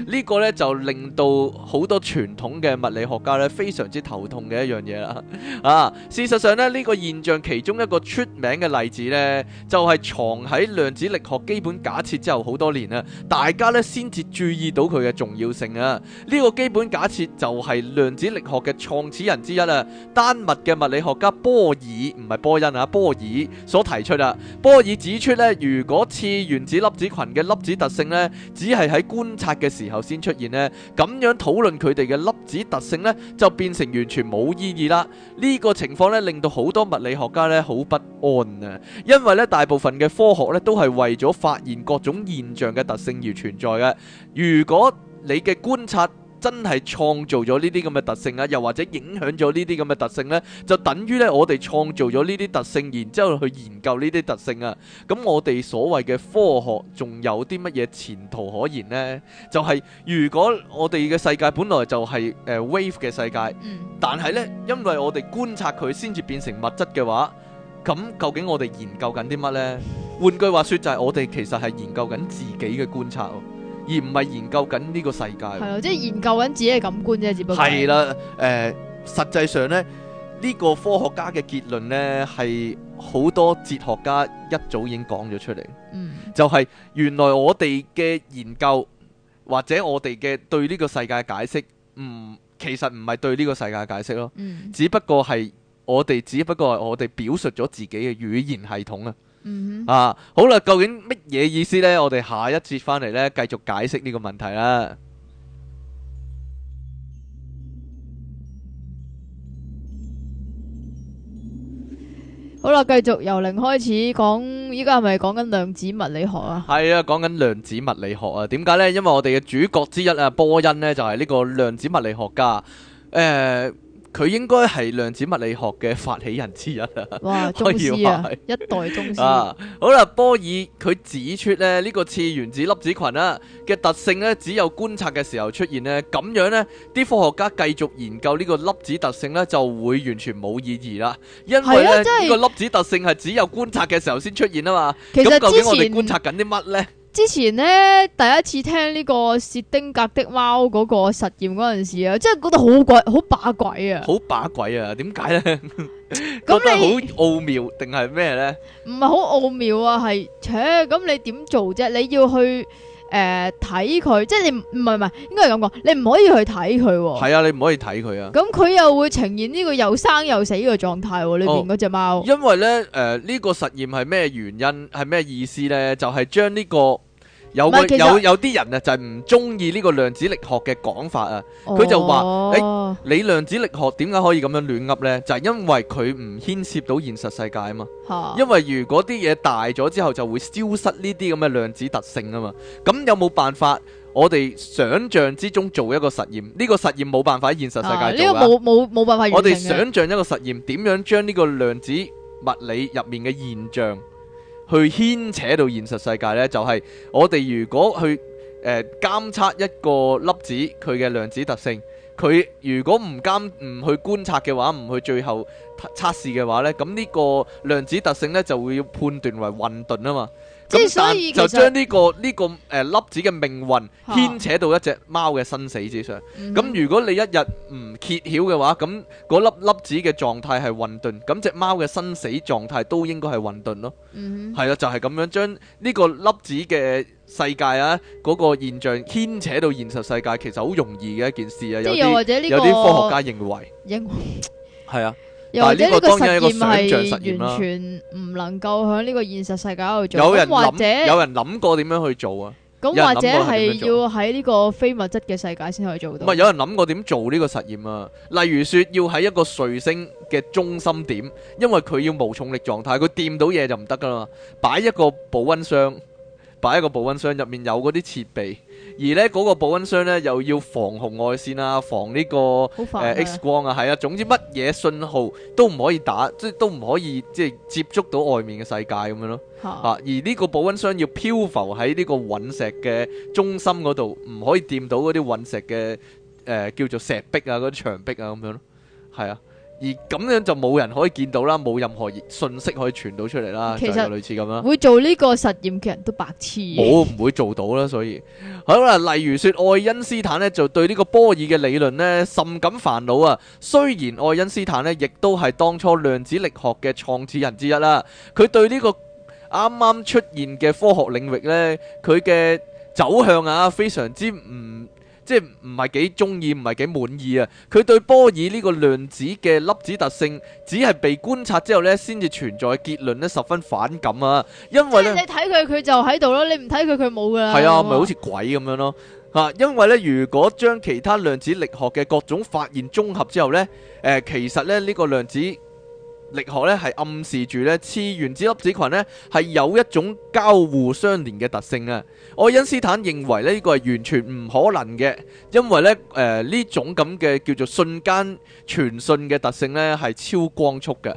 呢個呢，就令到好多傳統嘅物理學家呢，非常之頭痛嘅一樣嘢啦。啊，事實上呢，呢個現象其中一個出名嘅例子呢，就係藏喺量子力學基本假設之後好多年啦，大家呢，先至注意到佢嘅重要性啊。呢個基本假設就係量子力學嘅創始人之一啊，丹麥嘅物理學家波爾唔係波恩啊，波爾所提出啦。波爾指出呢，如果次原子粒子群嘅粒子特性呢，只係喺觀察嘅時候先出現呢，咁樣討論佢哋嘅粒子特性呢，就變成完全冇意義啦。呢個情況呢，令到好多物理學家呢，好不安啊，因為呢，大部分嘅科學呢，都係為咗發現各種現象嘅特性而存在嘅。如果你嘅觀察，真係創造咗呢啲咁嘅特性啊，又或者影響咗呢啲咁嘅特性呢，就等於呢我哋創造咗呢啲特性，然之後去研究呢啲特性啊。咁我哋所謂嘅科學仲有啲乜嘢前途可言呢？就係如果我哋嘅世界本來就係誒 wave 嘅世界，但係呢，因為我哋觀察佢先至變成物質嘅話，咁究竟我哋研究緊啲乜呢？換句話說，就係我哋其實係研究緊自己嘅觀察。而唔係研究緊呢個世界，係啊，即係研究緊自己嘅感官啫，只不過係啦，誒，呃，實際上咧，呢個科學家嘅結論咧係好多哲學家一早已經講咗出嚟，嗯，就係原來我哋嘅研究或者我哋嘅對呢個世界嘅解釋，唔其實唔係對呢個世界嘅解釋咯，嗯，只不過係我哋只不過我哋表述咗自己嘅語言系統啊。嗯哼，啊，好啦，究竟乜嘢意思呢？我哋下一節翻嚟呢，繼續解釋呢個問題啦。好啦，繼續由零開始講，依家係咪講緊量子物理學啊？係啊，講緊量子物理學啊？點解呢？因為我哋嘅主角之一啊，波恩呢，就係、是、呢個量子物理學家誒。呃佢應該係量子物理學嘅發起人之一啊！哇，宗師啊，一代宗師啊！好啦，波爾佢指出咧，呢、呢個次原子粒子群啦嘅特性咧，只有觀察嘅時候出現咧，咁樣呢啲科學家繼續研究呢個粒子特性咧，就會完全冇意義啦。因為咧，呢、啊就是、個粒子特性係只有觀察嘅時候先出現啊嘛。其實究竟我哋觀察緊啲乜呢？之前咧第一次聽呢個薛丁格的貓嗰個實驗嗰陣時啊，真係覺得好鬼好、啊、把鬼啊！好把鬼啊！點解咧？咁你好奧妙定係咩咧？唔係好奧妙啊，係，切咁你點做啫？你要去。誒睇佢，即係你唔係唔係應該係咁講，你唔可以去睇佢喎。係啊，你唔可以睇佢啊。咁佢又會呈現呢個又生又死嘅狀態，裏邊嗰隻貓，哦。因為咧，誒、呃、呢、呢個實驗係咩原因，係咩意思咧？就係、係、將呢、呢個。有個有有啲人啊，就係唔中意呢個量子力學嘅講法啊，佢就話：誒，你量子力學點解可以咁樣亂噏呢？就係因為佢唔牽涉到現實世界啊嘛。因為如果啲嘢大咗之後就會消失呢啲咁嘅量子特性啊嘛。咁有冇辦法我哋想象之中做一個實驗？呢個實驗冇辦法喺現實世界做啊。呢個冇冇冇辦法完成嘅。我哋想象一個實驗，點樣將呢個量子物理入面嘅現象？去牽扯到現實世界呢，就係、是、我哋如果去、呃、監測一個粒子佢嘅量子特性。佢如果唔監唔去觀察嘅話，唔去最後測試嘅話呢，咁呢個量子特性呢，就會要判斷為混沌啊嘛。即就將呢、這個呢、這個誒粒子嘅命運牽扯到一隻貓嘅生死之上。咁、嗯、哼如果你一日唔揭曉嘅話，咁粒粒子嘅狀態係混沌，咁隻貓嘅生死狀態都應該係混沌咯。嗯哼，係啊，就係、是、咁樣將呢個粒子嘅世界啊嗰、那個現象牽扯到現實世界，其實好容易嘅一件事啊。有啲、這個、有啲科學家認為，係為啊。又或者呢個實驗係完全唔能夠喺呢個現實世界度做，有人諗有人諗過點樣去做啊？咁或者係要喺呢個非物質嘅世界先可以做到。唔係有人諗過點做呢個實驗啊？例如說，要喺一個彗星嘅中心點，因為佢要無重力狀態，佢掂到嘢就唔得㗎喇嘛。擺一個保溫箱，擺一個保溫箱入面有嗰啲設備。而呢嗰、嗰個保溫箱呢，又要防紅外線啊，防呢、呢個、呃、X 光啊，係啊，總之乜嘢信號都唔可以打，即係都唔可以即係接觸到外面嘅世界咁樣咯。啊啊、而呢個保溫箱要漂浮喺呢個隕石嘅中心嗰度，唔可以掂到嗰啲隕石嘅誒、呃、叫做石壁啊，啲牆壁啊咁樣咯，係啊。而咁樣就冇人可以見到啦，冇任何信息可以傳到出嚟啦，其實類似咁樣。會做呢個實驗嘅人都白痴。冇唔會做到啦，所以好啦。例如說愛因斯坦呢，就對呢個波爾嘅理論呢甚感煩惱啊。雖然愛因斯坦呢亦都係當初量子力學嘅創始人之一啦、啊，佢對呢個啱啱出現嘅科學領域呢，佢嘅走向啊，非常之唔～即係唔係幾中意，唔係幾滿意啊！佢對波爾呢個量子嘅粒子特性，只係被觀察之後呢，先至存在嘅結論呢十分反感啊！因為你睇佢，佢就喺度咯，你唔睇佢，佢冇噶。係啊，咪說好似鬼咁樣咯吓！因為呢，如果將其他量子力學嘅各種發現綜合之後呢，誒，其實呢，呢個量子。力學咧係暗示住咧次原子粒子群呢係有一種交互相連嘅特性啊！愛因斯坦認為呢、呢個係完全唔可能嘅，因為咧誒呢、呃、呢種咁嘅叫做瞬間傳信嘅特性呢係超光速嘅。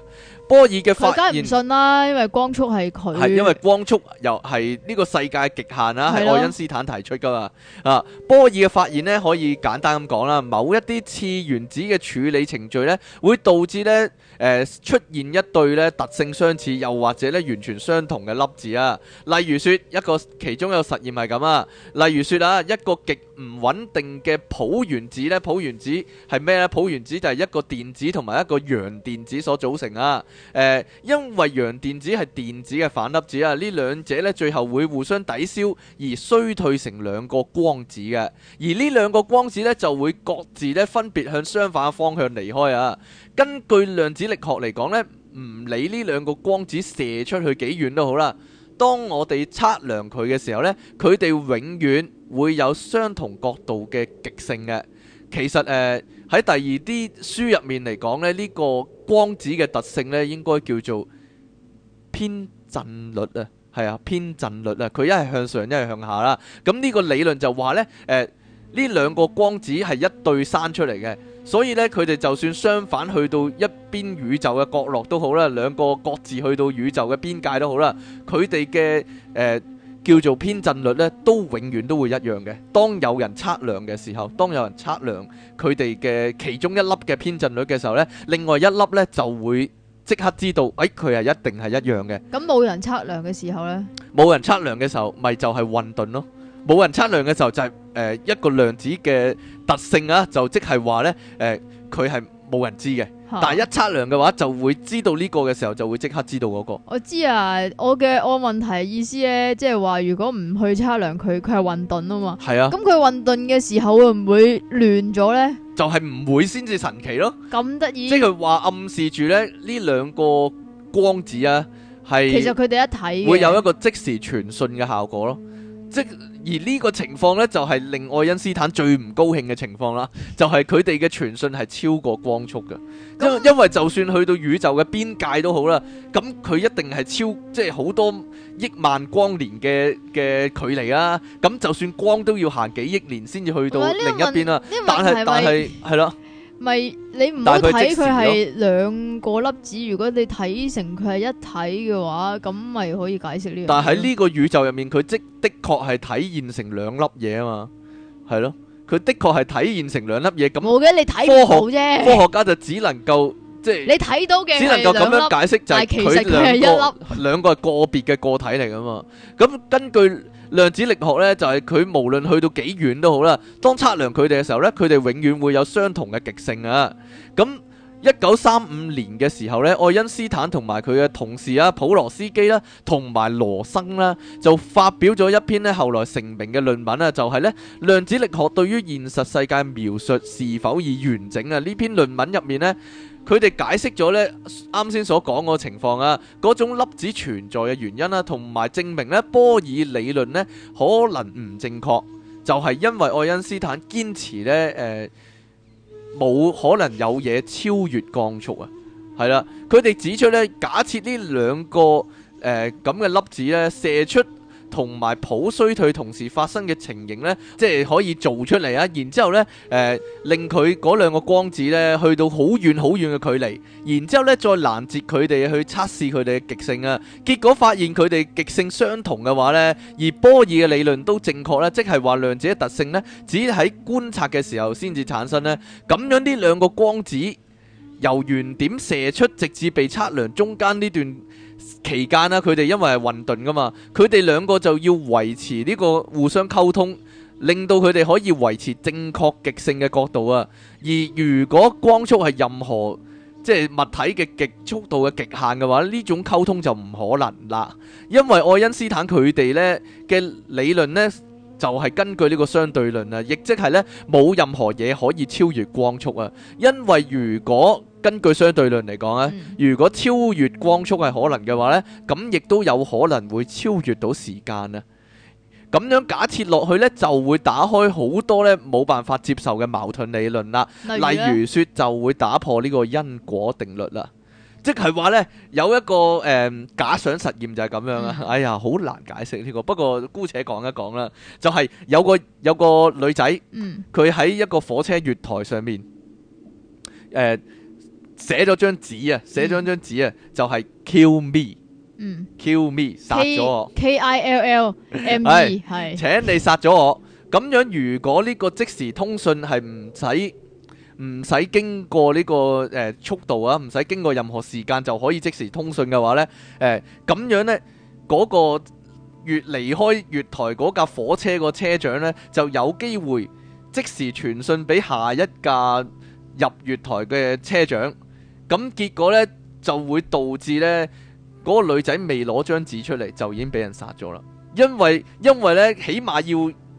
波爾嘅發現，梗係唔信啦，因為光速係佢係因為光速又係呢個世界的極限啦、啊，係愛因斯坦提出噶嘛啊，啊！波爾嘅發現呢可以簡單咁講啦，某一啲次原子嘅處理程序呢會導致呢。呃、出現一對咧特性相似，又或者咧完全相同嘅粒子啊。例如說一個其中一個實驗係咁啊。例如說啊，一個極唔穩定嘅普原子呢，普原子係咩呢？普原子就係一個電子同埋一個陽電子所組成啊、呃。因為陽電子係電子嘅反粒子啊，呢兩者呢最後會互相抵消而衰退成兩個光子嘅，而呢兩個光子呢，就會各自呢分別向相反嘅方向離開啊。根據量子力學嚟講呢，唔理呢兩個光子射出去幾遠都好啦，當我哋測量佢嘅時候呢，佢哋永遠會有相同角度嘅極性嘅。其實誒喺、呃、第二啲書入面嚟講咧，呢、呢個光子嘅特性咧，應該叫做偏振率啊，係啊，偏振率啊，佢一係向上，一係向下啦。咁呢個理論就話呢。誒、呃。呢兩個光子係一對生出嚟嘅，所以呢佢哋就算相反去到一邊宇宙嘅角落都好啦，兩個各自去到宇宙嘅邊界都好啦，佢哋嘅誒叫做偏振率呢，都永遠都會一樣嘅。當有人測量嘅時候，當有人測量佢哋嘅其中一粒嘅偏振率嘅時候呢，另外一粒呢就會即刻知道，誒佢係一定係一樣嘅。咁冇人測量嘅時候呢？冇人測量嘅時候，咪就係混沌咯。冇人測量嘅時候就係。誒、呃、一個量子嘅特性啊，就即係話咧，誒佢係冇人知嘅，啊、但係一測量嘅話就會知道呢個嘅時候就會即刻知道嗰個。我知啊，我嘅我問題意思咧，即係話如果唔去測量佢，佢係混沌啊嘛。係啊。咁佢混沌嘅時候會唔會亂咗咧？就係唔會先至神奇咯。咁得意。即係佢話暗示住咧，呢兩個光子啊，係其實佢哋一睇會有一個即時傳訊嘅效果咯，即。而呢個情況呢，就係令愛因斯坦最唔高興嘅情況啦，就係佢哋嘅傳信係超過光速嘅，因因為就算去到宇宙嘅邊界都好啦，咁佢一定係超即係好多億萬光年嘅嘅距離啊，咁就算光都要行幾億年先至去到另一邊啊，但係但係係咯。咪你唔好睇佢係兩個粒子，如果你睇成佢係一體嘅話，咁咪可以解釋呢個。但喺呢個宇宙入面，佢即的確係體現成兩粒嘢啊嘛，係咯，佢的確係體現成兩粒嘢。咁我覺得，你睇唔到啫。科學家就只能夠即係你睇到嘅，只能夠咁樣解釋就係其實佢係一粒，兩個兩個係個別嘅個體嚟㗎嘛。咁根據。量子力學咧就係佢無論去到幾遠都好啦，當測量佢哋嘅時候咧，佢哋永遠會有相同嘅極性啊！咁一九三五年嘅時候咧，愛因斯坦同埋佢嘅同事啊普羅斯基啦，同埋羅生啦，就發表咗一篇呢後來成名嘅論文啊、就是，就係呢，量子力學對於現實世界描述是否已完整啊？呢篇論文入面呢。佢哋解釋咗呢啱先所講個情況啊，嗰種粒子存在嘅原因啦，同埋證明呢波爾理論呢可能唔正確，就係因為愛因斯坦堅持呢誒冇可能有嘢超越光速啊，係啦，佢哋指出呢，假設呢兩個誒咁嘅粒子呢射出。同埋普衰退同時發生嘅情形咧，即係可以做出嚟啊！然之後咧，誒令佢嗰兩個光子咧去到好遠好遠嘅距離，然之後咧再攔截佢哋去測試佢哋嘅極性啊！結果發現佢哋極性相同嘅話咧，而波爾嘅理論都正確咧，即係話量子嘅特性咧只喺觀察嘅時候先至產生咧。咁樣呢兩個光子由原點射出，直至被測量，中間呢段。期間呢，佢哋因為係混沌噶嘛，佢哋兩個就要維持呢個互相溝通，令到佢哋可以維持正確極性嘅角度啊。而如果光速係任何即係、就是、物體嘅極速度嘅極限嘅話，呢種溝通就唔可能啦，因為愛因斯坦佢哋呢嘅理論呢，就係根據呢個相對論啊，亦即係呢冇任何嘢可以超越光速啊，因為如果。根據相對論嚟講咧，如果超越光速係可能嘅話呢，咁亦都有可能會超越到時間咧。咁樣假設落去呢，就會打開好多咧冇辦法接受嘅矛盾理論啦。例如説，如說就會打破呢個因果定律啦。即係話呢，有一個誒、呃、假想實驗就係咁樣啦。哎呀，好難解釋呢、這個，不過姑且講一講啦。就係、是、有個有個女仔，佢喺一個火車月台上面，誒、呃。寫咗張紙啊，寫咗張紙啊，就係、是、kill me，嗯，kill me 殺咗我，k, K i l l m e 請你殺咗我。咁樣如果呢個即時通訊係唔使唔使經過呢、這個誒、呃、速度啊，唔使經過任何時間就可以即時通訊嘅話呢，誒、呃、咁樣咧嗰、那個越離開月台嗰架火車個車長呢，就有機會即時傳信俾下一架入月台嘅車長。咁結果呢，就會導致呢嗰個女仔未攞張紙出嚟就已經俾人殺咗啦，因為因為呢，起碼要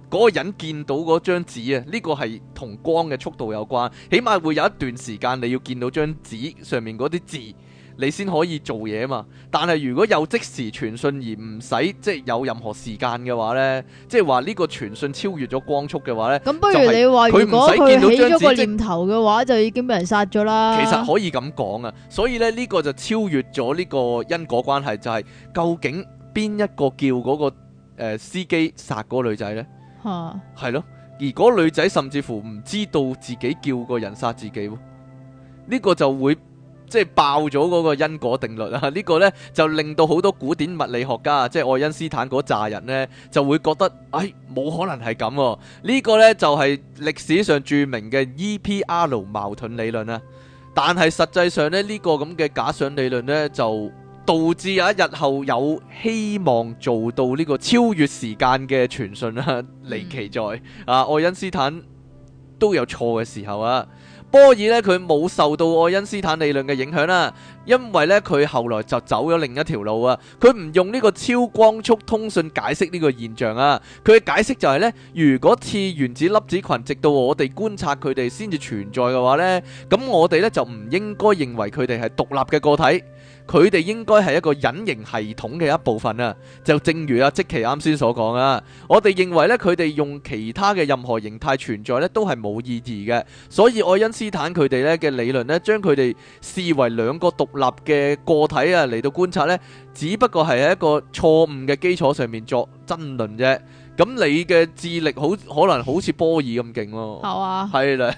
嗰個人見到嗰張紙啊，呢個係同光嘅速度有關，起碼會有一段時間你要見到張紙上面嗰啲字，你先可以做嘢嘛。但係如果有即時傳訊而唔使即係有任何時間嘅話咧，即係話呢個傳訊超越咗光速嘅話咧，咁不如你話，如果佢起咗個念頭嘅話就已經俾人殺咗啦。其實可以咁講啊，所以咧呢個就超越咗呢個因果關係，就係究竟邊一個叫嗰個誒司機殺嗰個女仔咧？吓，係咯，而嗰個女仔甚至乎唔知道自己叫個人殺自己，呢個就會。即係爆咗嗰個因果定律啊！呢、這個呢就令到好多古典物理學家，即係愛因斯坦嗰扎人呢，就會覺得，哎，冇可能係咁、哦。呢、這個呢就係、是、歷史上著名嘅 EPR 矛盾理論啊。但係實際上呢，呢、這個咁嘅假想理論呢，就導致有一日後有希望做到呢個超越時間嘅傳訊啊！離奇在、嗯、啊，愛因斯坦都有錯嘅時候啊！波爾呢，佢冇受到愛因斯坦理論嘅影響啦，因為呢，佢後來就走咗另一條路啊，佢唔用呢個超光速通訊解釋呢個現象啊，佢嘅解釋就係呢，如果次原子粒子群直到我哋觀察佢哋先至存在嘅話呢，咁我哋呢就唔應該認為佢哋係獨立嘅個體。佢哋應該係一個隱形系統嘅一部分啊！就正如啊，積奇啱先所講啊，我哋認為咧，佢哋用其他嘅任何形態存在咧，都係冇意義嘅。所以愛因斯坦佢哋咧嘅理論咧，將佢哋視為兩個獨立嘅個體啊，嚟到觀察咧，只不過係喺一個錯誤嘅基礎上面作爭論啫。咁你嘅智力好可能好似波爾咁勁咯，係啦，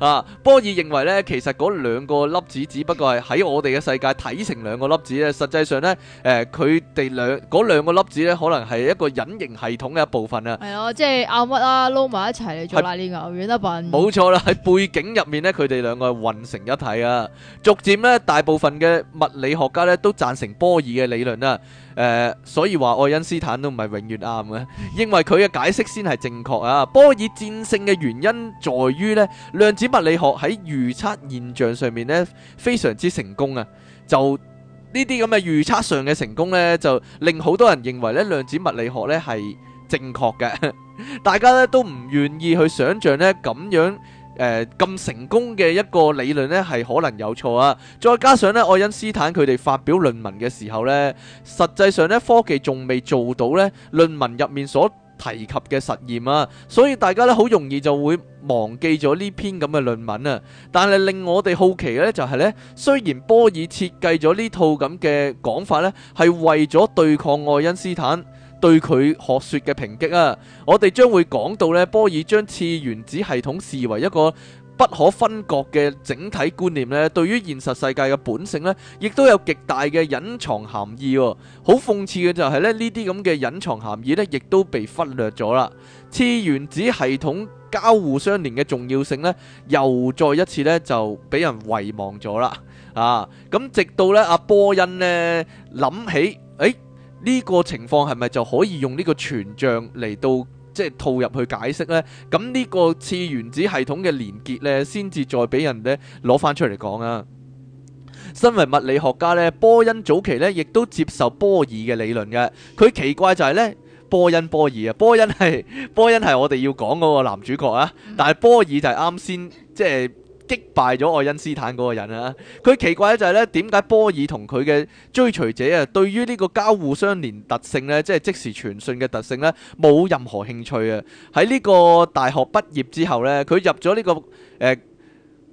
啊，波爾認為咧，其實嗰兩個粒子只不過係喺我哋嘅世界睇成兩個粒子咧，實際上咧，誒，佢哋兩嗰兩個粒子咧，可能係一個隱形系統嘅一部分啊。係咯，即係拗乜啊撈埋一齊嚟做瀨尿牛丸啊混。冇錯啦，喺背景入面咧，佢哋兩個係混成一體啊，逐漸咧，大部分嘅物理學家咧都贊成波爾嘅理論啦。誒，所以話愛因斯坦都唔係永遠啱嘅，認為佢嘅解釋先係正確啊。波爾戰勝嘅原因在於咧，量子物理學喺預測現象上面咧非常之成功啊。就呢啲咁嘅預測上嘅成功咧，就令好多人認為咧量子物理學咧係正確嘅，大家咧都唔願意去想象咧咁樣。誒咁、呃、成功嘅一個理論呢，係可能有錯啊！再加上呢，愛因斯坦佢哋發表論文嘅時候呢，實際上呢，科技仲未做到呢論文入面所提及嘅實驗啊，所以大家呢，好容易就會忘記咗呢篇咁嘅論文啊！但係令我哋好奇嘅呢，就係呢，雖然波爾設計咗呢套咁嘅講法呢，係為咗對抗愛因斯坦。對佢學説嘅抨擊啊！我哋將會講到呢，波爾將次原子系統視為一個不可分割嘅整體觀念呢，對於現實世界嘅本性呢，亦都有極大嘅隱藏含義。好諷刺嘅就係呢，呢啲咁嘅隱藏含義呢，亦都被忽略咗啦。次原子系統交互相連嘅重要性呢，又再一次呢就俾人遺忘咗啦。啊，咁直到呢，阿波恩呢諗起，誒、欸。呢個情況係咪就可以用呢個全像嚟到即係套入去解釋呢？咁呢個次原子系統嘅連結呢，先至再俾人呢攞翻出嚟講啊！身為物理學家呢，波恩早期呢亦都接受波爾嘅理論嘅。佢奇怪就係呢，波恩、波爾啊，波恩係波恩係我哋要講嗰個男主角啊，但係波爾就係啱先即係。擊敗咗愛因斯坦嗰個人啊！佢奇怪嘅就係呢點解波爾同佢嘅追隨者啊，對於呢個交互相連特性呢，即係即時傳訊嘅特性呢，冇任何興趣啊！喺呢個大學畢業之後呢，佢入咗呢個，呃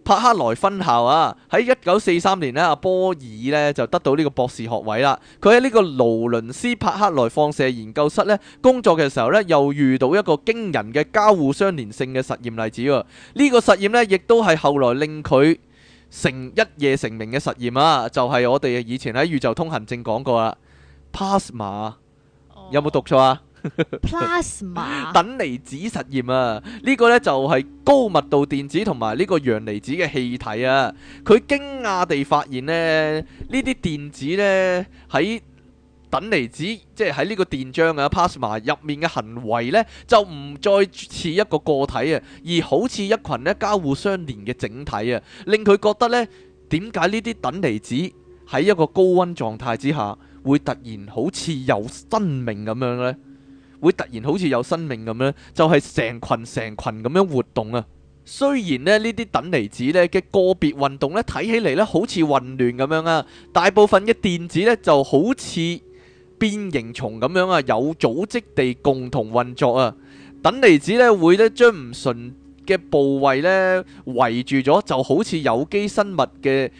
帕克萊分校啊，喺一九四三年呢，阿波爾呢就得到呢個博士學位啦。佢喺呢個勞倫斯帕克萊放射研究室呢工作嘅時候呢，又遇到一個驚人嘅交互相連性嘅實驗例子，啊。呢、這個實驗呢，亦都係後來令佢成一夜成名嘅實驗啊。就係、是、我哋以前喺宇宙通行證講過啦。Plasma 有冇讀錯啊？plasma 等離子實驗啊，呢、呢個呢就係高密度電子同埋呢個陽離子嘅氣體啊。佢驚訝地發現呢，呢啲電子呢，喺等離子，即係喺呢個電漿啊，plasma 入面嘅行為呢，就唔再似一個個體啊，而好似一群呢交互相連嘅整體啊，令佢覺得呢，點解呢啲等離子喺一個高溫狀態之下會突然好似有生命咁樣呢？會突然好似有生命咁樣，就係成群成群咁樣活動啊。雖然咧呢啲等離子咧嘅個別運動咧睇起嚟咧好似混亂咁樣啊，大部分嘅電子咧就好似變形蟲咁樣啊，有組織地共同運作啊。等離子咧會咧將唔純嘅部位咧圍、圍住咗，就好似有機生物嘅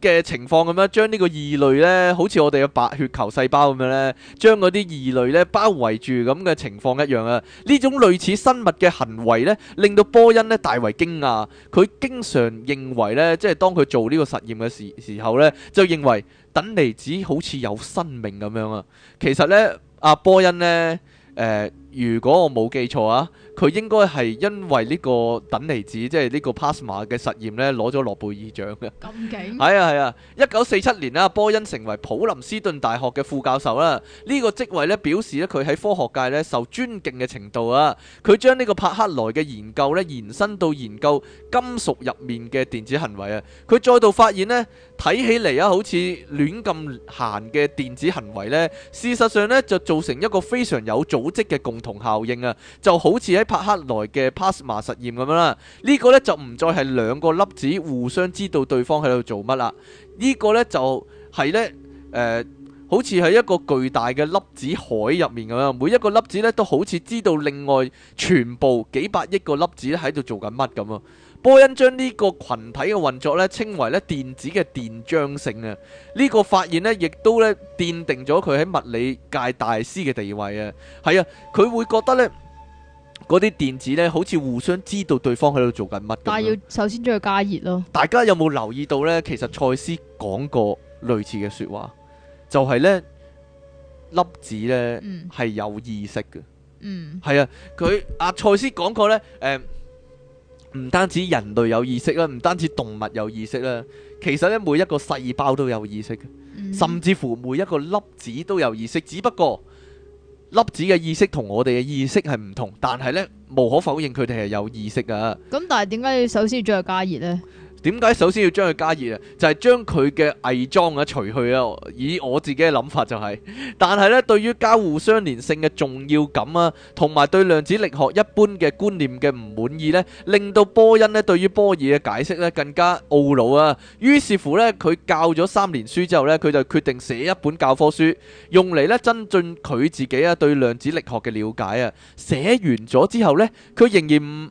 嘅情況咁樣，將呢個異類呢，好似我哋嘅白血球細胞咁樣呢，將嗰啲異類呢，包圍住咁嘅情況一樣啊。呢種類似生物嘅行為呢，令到波恩呢大為驚訝。佢經常認為呢，即係當佢做呢個實驗嘅時時候呢，就認為等離子好似有生命咁樣啊。其實呢，阿波恩呢，呃，如果我冇記錯啊。佢應該係因為呢個等離子，即係呢個 plasma 嘅實驗咧，攞咗諾貝爾獎嘅。咁勁！係啊係啊！一九四七年啦，波恩成為普林斯頓大學嘅副教授啦。呢個職位咧表示咧佢喺科學界咧受尊敬嘅程度啊。佢將呢個柏克萊嘅研究咧延伸到研究金屬入面嘅電子行為啊。佢再度發現咧，睇起嚟啊好似亂咁行嘅電子行為咧，事實上咧就造成一個非常有組織嘅共同效應啊，就好似喺帕克來嘅 p 帕斯瑪實驗咁樣啦，呢、這個呢，就唔再係兩個粒子互相知道對方喺度做乜啦，呢、這個呢、就是，就係呢，誒，好似喺一個巨大嘅粒子海入面咁樣，每一個粒子呢，都好似知道另外全部幾百億個粒子咧喺度做緊乜咁啊！波恩將呢個群體嘅運作咧稱為咧電子嘅電張性啊，呢、這個發現呢，亦都咧奠定咗佢喺物理界大師嘅地位啊！係啊，佢會覺得呢。嗰啲電子咧，好似互相知道對方喺度做緊乜。但係要首先將佢加熱咯。大家有冇留意到呢？其實賽斯講過類似嘅説話，就係、是、呢粒子呢係、嗯、有意識嘅。嗯，係啊，佢阿賽斯講過呢，誒、呃，唔單止人類有意識啦，唔單止動物有意識啦，其實呢，每一個細胞都有意識嘅，嗯、甚至乎每一個粒子都有意識，只不過，粒子嘅意識同我哋嘅意識係唔同，但係呢，無可否認佢哋係有意識啊！咁但係點解要首先要再加熱呢？點解首先要將佢加熱啊？就係將佢嘅偽裝啊除去啊！以我自己嘅諗法就係，但係咧對於交互相連性嘅重要感啊，同埋對量子力學一般嘅觀念嘅唔滿意咧，令到波恩咧對於波爾嘅解釋咧更加懊惱啊！於是乎咧，佢教咗三年書之後咧，佢就決定寫一本教科書，用嚟咧增進佢自己啊對量子力學嘅了解啊！寫完咗之後咧，佢仍然唔。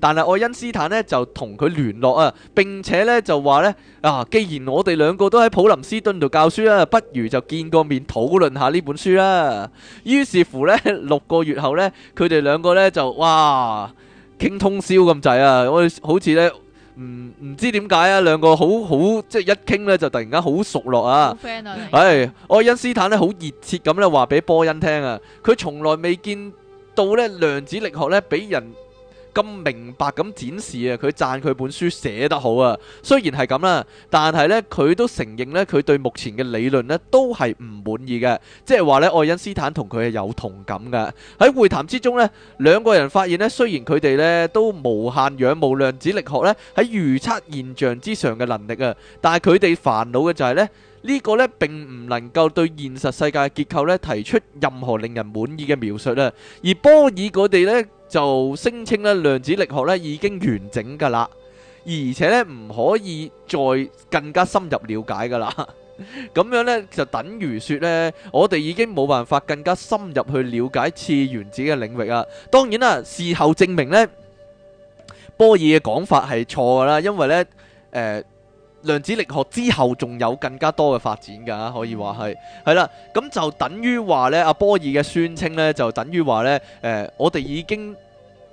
但係愛因斯坦呢，就同佢聯絡啊，並且呢，就話呢：「啊，既然我哋兩個都喺普林斯頓度教書啊，不如就見個面討論下呢本書啦、啊。於是乎呢，六個月後呢，佢哋兩個呢，就哇傾通宵咁滯啊！我好似呢，唔、嗯、唔知點解啊，兩個好好即係一傾呢，就突然間好熟落啊。好 friend 啊你、啊哎、愛因斯坦呢，好熱切咁呢話俾波恩聽啊，佢從來未見到呢，量子力學呢，俾人。咁明白咁展示啊！佢讚佢本書寫得好啊，雖然係咁啦，但係咧佢都承認咧，佢對目前嘅理論咧都係唔滿意嘅，即係話咧愛因斯坦同佢係有同感嘅。喺會談之中咧，兩個人發現咧，雖然佢哋咧都無限仰慕量子力學咧喺預測現象之上嘅能力啊，但係佢哋煩惱嘅就係咧呢個咧並唔能夠對現實世界嘅結構咧提出任何令人滿意嘅描述啦。而波爾佢哋咧。就聲稱咧，量子力學咧已經完整噶啦，而且咧唔可以再更加深入了解噶啦。咁樣呢，就等於說呢，我哋已經冇辦法更加深入去了解次原子嘅領域啊。當然啦，事後證明呢，波爾嘅講法係錯噶啦，因為呢，誒、呃。量子力學之後仲有更加多嘅發展噶，可以話係係啦。咁就等於話呢，阿波爾嘅宣稱呢，就等於話呢，誒、呃，我哋已經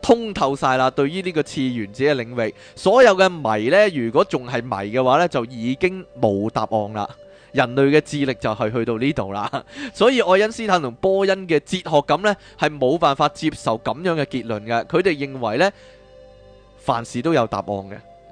通透晒啦。對於呢個次原子嘅領域，所有嘅謎呢，如果仲係謎嘅話呢，就已經冇答案啦。人類嘅智力就係去到呢度啦。所以愛因斯坦同波恩嘅哲學感呢，係冇辦法接受咁樣嘅結論嘅。佢哋認為呢，凡事都有答案嘅。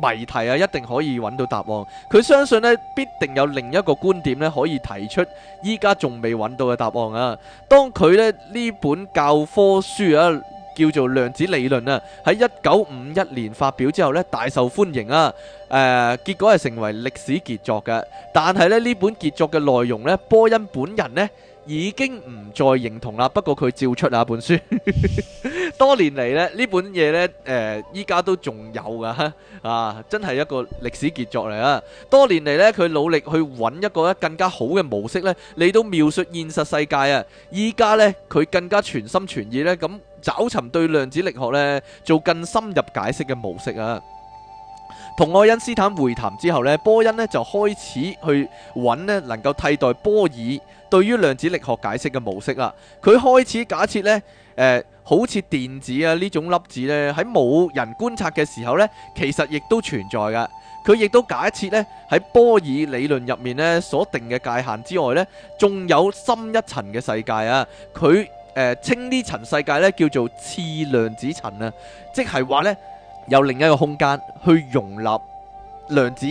謎題啊，一定可以揾到答案。佢相信必定有另一個觀點可以提出依家仲未揾到嘅答案啊。當佢呢本教科書啊，叫做《量子理論》啊，喺一九五一年發表之後呢，大受歡迎啊。誒、呃，結果係成為歷史傑作嘅。但係呢本傑作嘅內容呢，波恩本人呢已經唔再認同啦，不過佢照出啊本書，多年嚟，咧呢本嘢咧，誒依家都仲有噶吓，啊真係一個歷史傑作嚟啊！多年嚟咧，佢努力去揾一個咧更加好嘅模式咧，嚟到描述現實世界啊！依家咧佢更加全心全意咧，咁找尋對量子力學咧做更深入解釋嘅模式啊！同愛因斯坦會談之後咧，波恩咧就開始去揾咧能夠替代波爾。對於量子力學解釋嘅模式啊，佢開始假設呢，誒、呃、好似電子啊呢種粒子呢，啊，喺冇人觀察嘅時候呢，其實亦都存在嘅。佢亦都假設呢，喺波爾理論入面呢，所定嘅界限之外呢，仲有深一層嘅世界啊。佢誒、呃、稱呢層世界呢，叫做次量子層啊，即係話呢，有另一個空間去容納量子。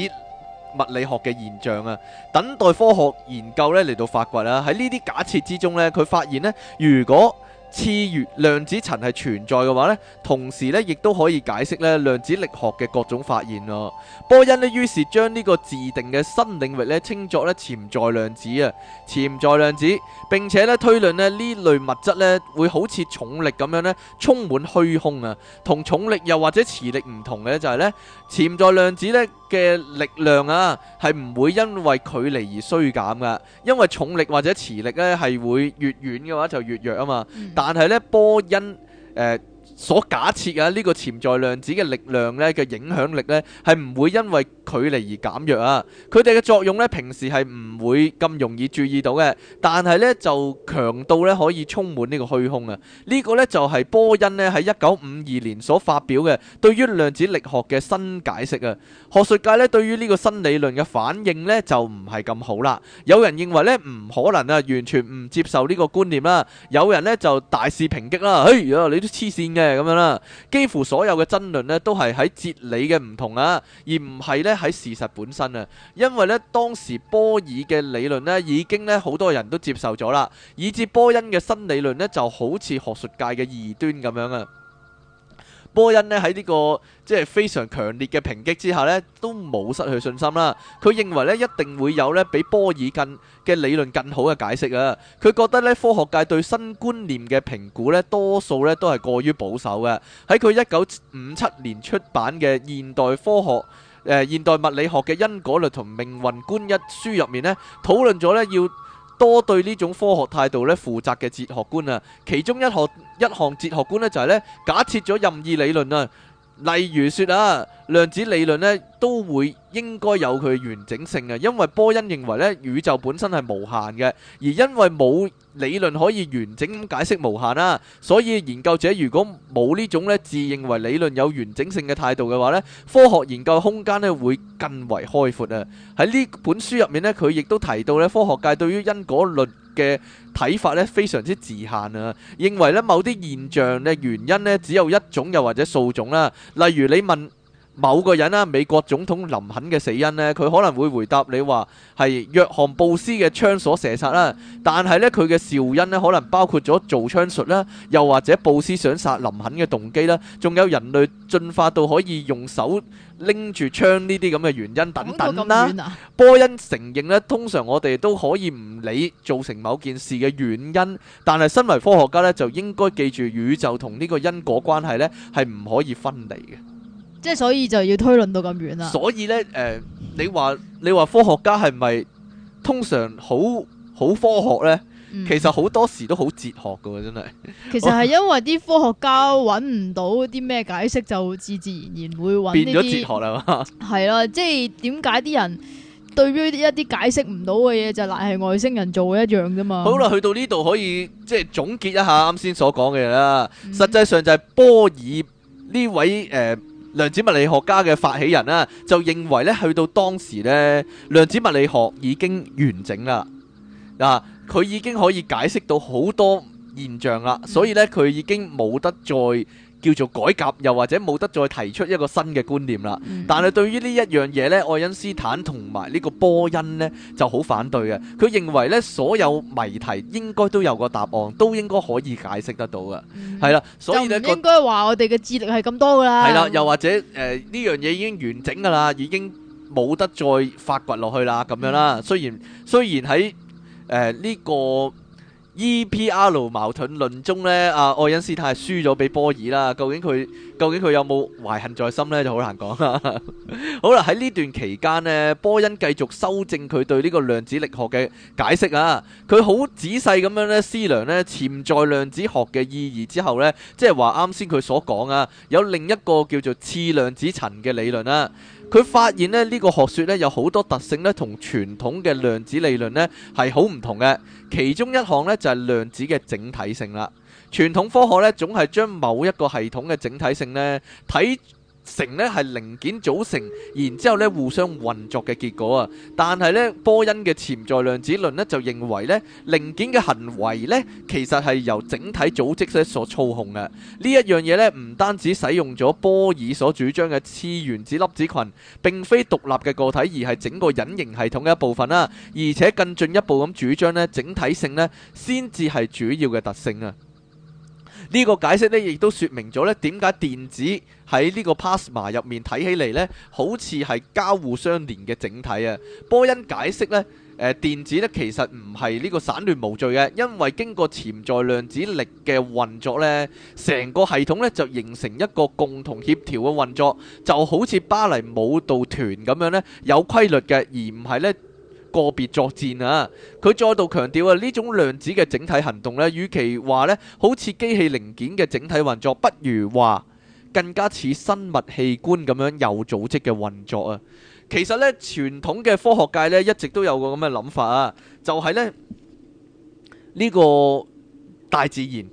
物理學嘅現象啊，等待科學研究咧嚟到發掘啦。喺呢啲假設之中咧，佢發現咧，如果次元量子層係存在嘅話呢，同時呢亦都可以解釋呢量子力學嘅各種發現咯。波恩呢，於是將呢個自定嘅新領域呢稱作呢潛在量子啊，潛在量子。並且呢推論呢，呢類物質呢會好似重力咁樣呢充滿虛空啊，同重力又或者磁力唔同嘅就係呢潛在量子呢嘅力量啊，係唔會因為距離而衰減噶，因為重力或者磁力呢，係會越遠嘅話就越弱啊嘛，但但係咧，波因誒。呃所假設嘅呢個潛在量子嘅力量呢，嘅影響力呢，係唔會因為距離而減弱啊！佢哋嘅作用呢，平時係唔會咁容易注意到嘅，但係呢，就強到呢，可以充滿呢個虛空啊！呢個呢，就係波恩呢喺一九五二年所發表嘅對於量子力學嘅新解釋啊！學術界呢，對於呢個新理論嘅反應呢，就唔係咁好啦，有人認為呢，唔可能啊，完全唔接受呢個觀念啦，有人呢，就大肆抨擊啦，嘿，原來你啲黐線！嘅咁樣啦，幾乎所有嘅爭論呢，都係喺哲理嘅唔同啊，而唔係呢喺事實本身啊。因為呢，當時波爾嘅理論呢，已經呢好多人都接受咗啦，以至波恩嘅新理論呢，就好似學術界嘅異端咁樣啊。波恩咧喺呢個即係非常強烈嘅抨擊之下咧，都冇失去信心啦。佢認為咧一定會有咧比波爾更嘅理論更好嘅解釋啊。佢覺得咧科學界對新觀念嘅評估咧，多數咧都係過於保守嘅。喺佢一九五七年出版嘅《現代科學》誒《現代物理學》嘅《因果律同命運觀》一書入面咧，討論咗咧要，多對呢種科學態度咧負責嘅哲學觀啊，其中一項一項哲學觀咧就係咧假設咗任意理論啊，例如說啊量子理論咧都會應該有佢完整性嘅，因為波恩認為咧宇宙本身係無限嘅，而因為冇。理論可以完整咁解釋無限啦，所以研究者如果冇呢種咧自認為理論有完整性嘅態度嘅話咧，科學研究嘅空間咧會更為開闊啊！喺呢本書入面咧，佢亦都提到咧，科學界對於因果律嘅睇法咧非常之自限啊，認為咧某啲現象嘅原因咧只有一種又或者數種啦，例如你問，某個人啦、啊，美國總統林肯嘅死因呢，佢可能會回答你話係約翰布斯嘅槍所射殺啦。但係呢，佢嘅肇因呢，可能包括咗造槍術啦、啊，又或者布斯想殺林肯嘅動機啦、啊，仲有人類進化到可以用手拎住槍呢啲咁嘅原因等等啦、啊。波恩承認呢，通常我哋都可以唔理造成某件事嘅原因，但係身為科學家呢，就應該記住宇宙同呢個因果關係呢係唔可以分離嘅。即係所以就要推論到咁遠啦。所以呢，誒、呃，你話你話科學家係咪通常好好科學呢？嗯、其實好多時都好哲學噶真係。其實係因為啲科學家揾唔到啲咩解釋，就自自然然會揾呢啲。變咗哲學啦嘛。係咯、啊，即係點解啲人對於一啲解釋唔到嘅嘢，就賴、是、係外星人做嘅一樣啫嘛。好啦、啊，去到呢度可以即係總結一下啱先所講嘅嘢啦。嗯、實際上就係波爾呢位誒。呃量子物理學家嘅發起人呢、啊，就認為呢，去到當時呢，量子物理學已經完整啦，嗱、啊，佢已經可以解釋到好多現象啦，所以呢，佢已經冇得再叫做改革，又或者冇得再提出一個新嘅觀念啦。嗯、但係對於呢一樣嘢呢，愛因斯坦同埋呢個波恩呢就好反對嘅。佢認為呢，所有謎題應該都有個答案，都應該可以解釋得到嘅。係啦、嗯，所以咧就唔應該話我哋嘅智力係咁多噶啦。係啦，又或者誒呢、呃、樣嘢已經完整噶啦，已經冇得再發掘落去啦，咁樣啦、嗯。雖然雖然喺誒呢個。E.P.R. 矛盾論中呢，阿愛因斯坦輸咗俾波爾啦。究竟佢究竟佢有冇懷恨在心呢？就好難講 好難講啦。好啦，喺呢段期間呢，波恩繼續修正佢對呢個量子力學嘅解釋啊。佢好仔細咁樣呢，思量呢潛在量子學嘅意義之後呢，即係話啱先佢所講啊，有另一個叫做次量子層嘅理論啦。佢發現呢，呢個學説呢有好多特性呢，同傳統嘅量子理論呢係好唔同嘅。其中一項呢就係量子嘅整體性啦。傳統科學呢總係將某一個系統嘅整體性呢睇成呢係零件組成，然之後呢互相運作嘅結果啊！但係呢波音嘅潛在量子論呢，就認為呢零件嘅行為呢，其實係由整體組織所操控啊！呢一樣嘢呢，唔單止使用咗波爾所主張嘅次原子粒子群，並非獨立嘅個體，而係整個隱形系統嘅一部分啦。而且更進一步咁主張呢，整體性呢先至係主要嘅特性啊！呢、呢個解釋呢，亦都說明咗呢，點解電子。喺呢個 plasma 入面睇起嚟呢好似係交互相連嘅整體啊！波恩解釋呢，誒電子呢，其實唔係呢個散亂無序嘅，因為經過潛在量子力嘅運作呢，成個系統呢就形成一個共同協調嘅運作，就好似巴黎舞蹈團咁樣呢有規律嘅，而唔係呢個別作戰啊！佢再度強調啊，呢種量子嘅整體行動呢，與其話呢好似機器零件嘅整體運作，不如話。更加似生物器官咁樣有組織嘅運作啊。其實呢，傳統嘅科學界呢，一直都有個咁嘅諗法啊，就係呢，呢個大自然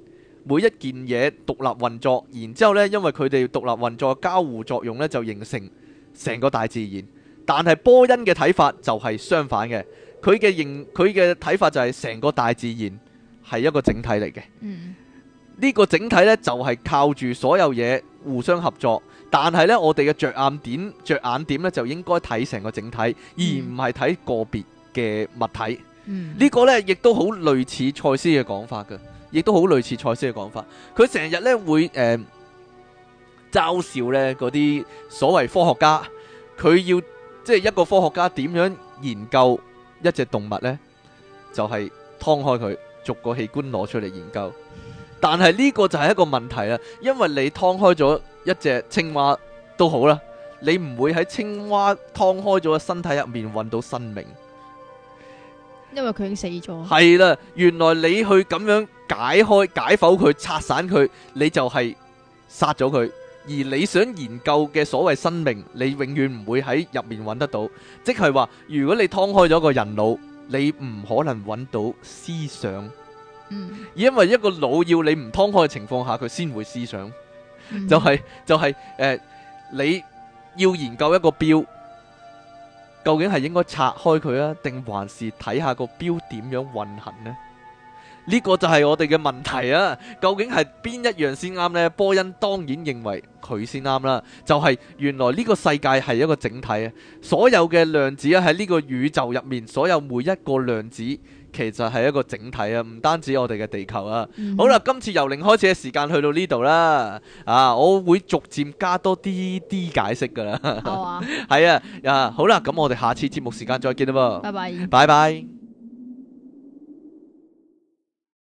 每一件嘢獨立運作，然之後呢，因為佢哋獨立運作交互作用呢，就形成成個大自然。但係波恩嘅睇法就係相反嘅，佢嘅認佢嘅睇法就係成個大自然係一個整體嚟嘅。嗯，呢個整體呢，就係靠住所有嘢互相合作，但係咧，我哋嘅着眼點、着眼點咧，就應該睇成個整體，而唔係睇個別嘅物體。嗯、這個呢個咧，亦都好類似賽斯嘅講法嘅，亦都好類似賽斯嘅講法。佢成日咧會誒、呃、嘲笑咧嗰啲所謂科學家，佢要即係、就是、一個科學家點樣研究一隻動物呢？就係、是、劏開佢，逐個器官攞出嚟研究。但係呢個就係一個問題啦，因為你劏開咗一隻青蛙都好啦，你唔會喺青蛙劏開咗嘅身體入面揾到生命，因為佢已經死咗。係啦，原來你去咁樣解開、解剖佢、拆散佢，你就係殺咗佢。而你想研究嘅所謂生命，你永遠唔會喺入面揾得到。即係話，如果你劏開咗一個人腦，你唔可能揾到思想。因為一個腦要你唔劏開嘅情況下，佢先會思想，就係、是、就係、是、誒、呃，你要研究一個錶，究竟係應該拆開佢啊，定還是睇下個錶點樣運行呢？呢、這個就係我哋嘅問題啊！究竟係邊一樣先啱呢？波恩當然認為佢先啱啦，就係、是、原來呢個世界係一個整體啊！所有嘅量子啊，喺呢個宇宙入面，所有每一個量子。其實係一個整體啊，唔單止我哋嘅地球啊。嗯、好啦，今次由零開始嘅時間去到呢度啦。啊，我會逐漸加多啲啲解釋㗎啦。好啊。係 啊。好啦，咁我哋下次節目時間再見啦噃。拜拜。拜拜。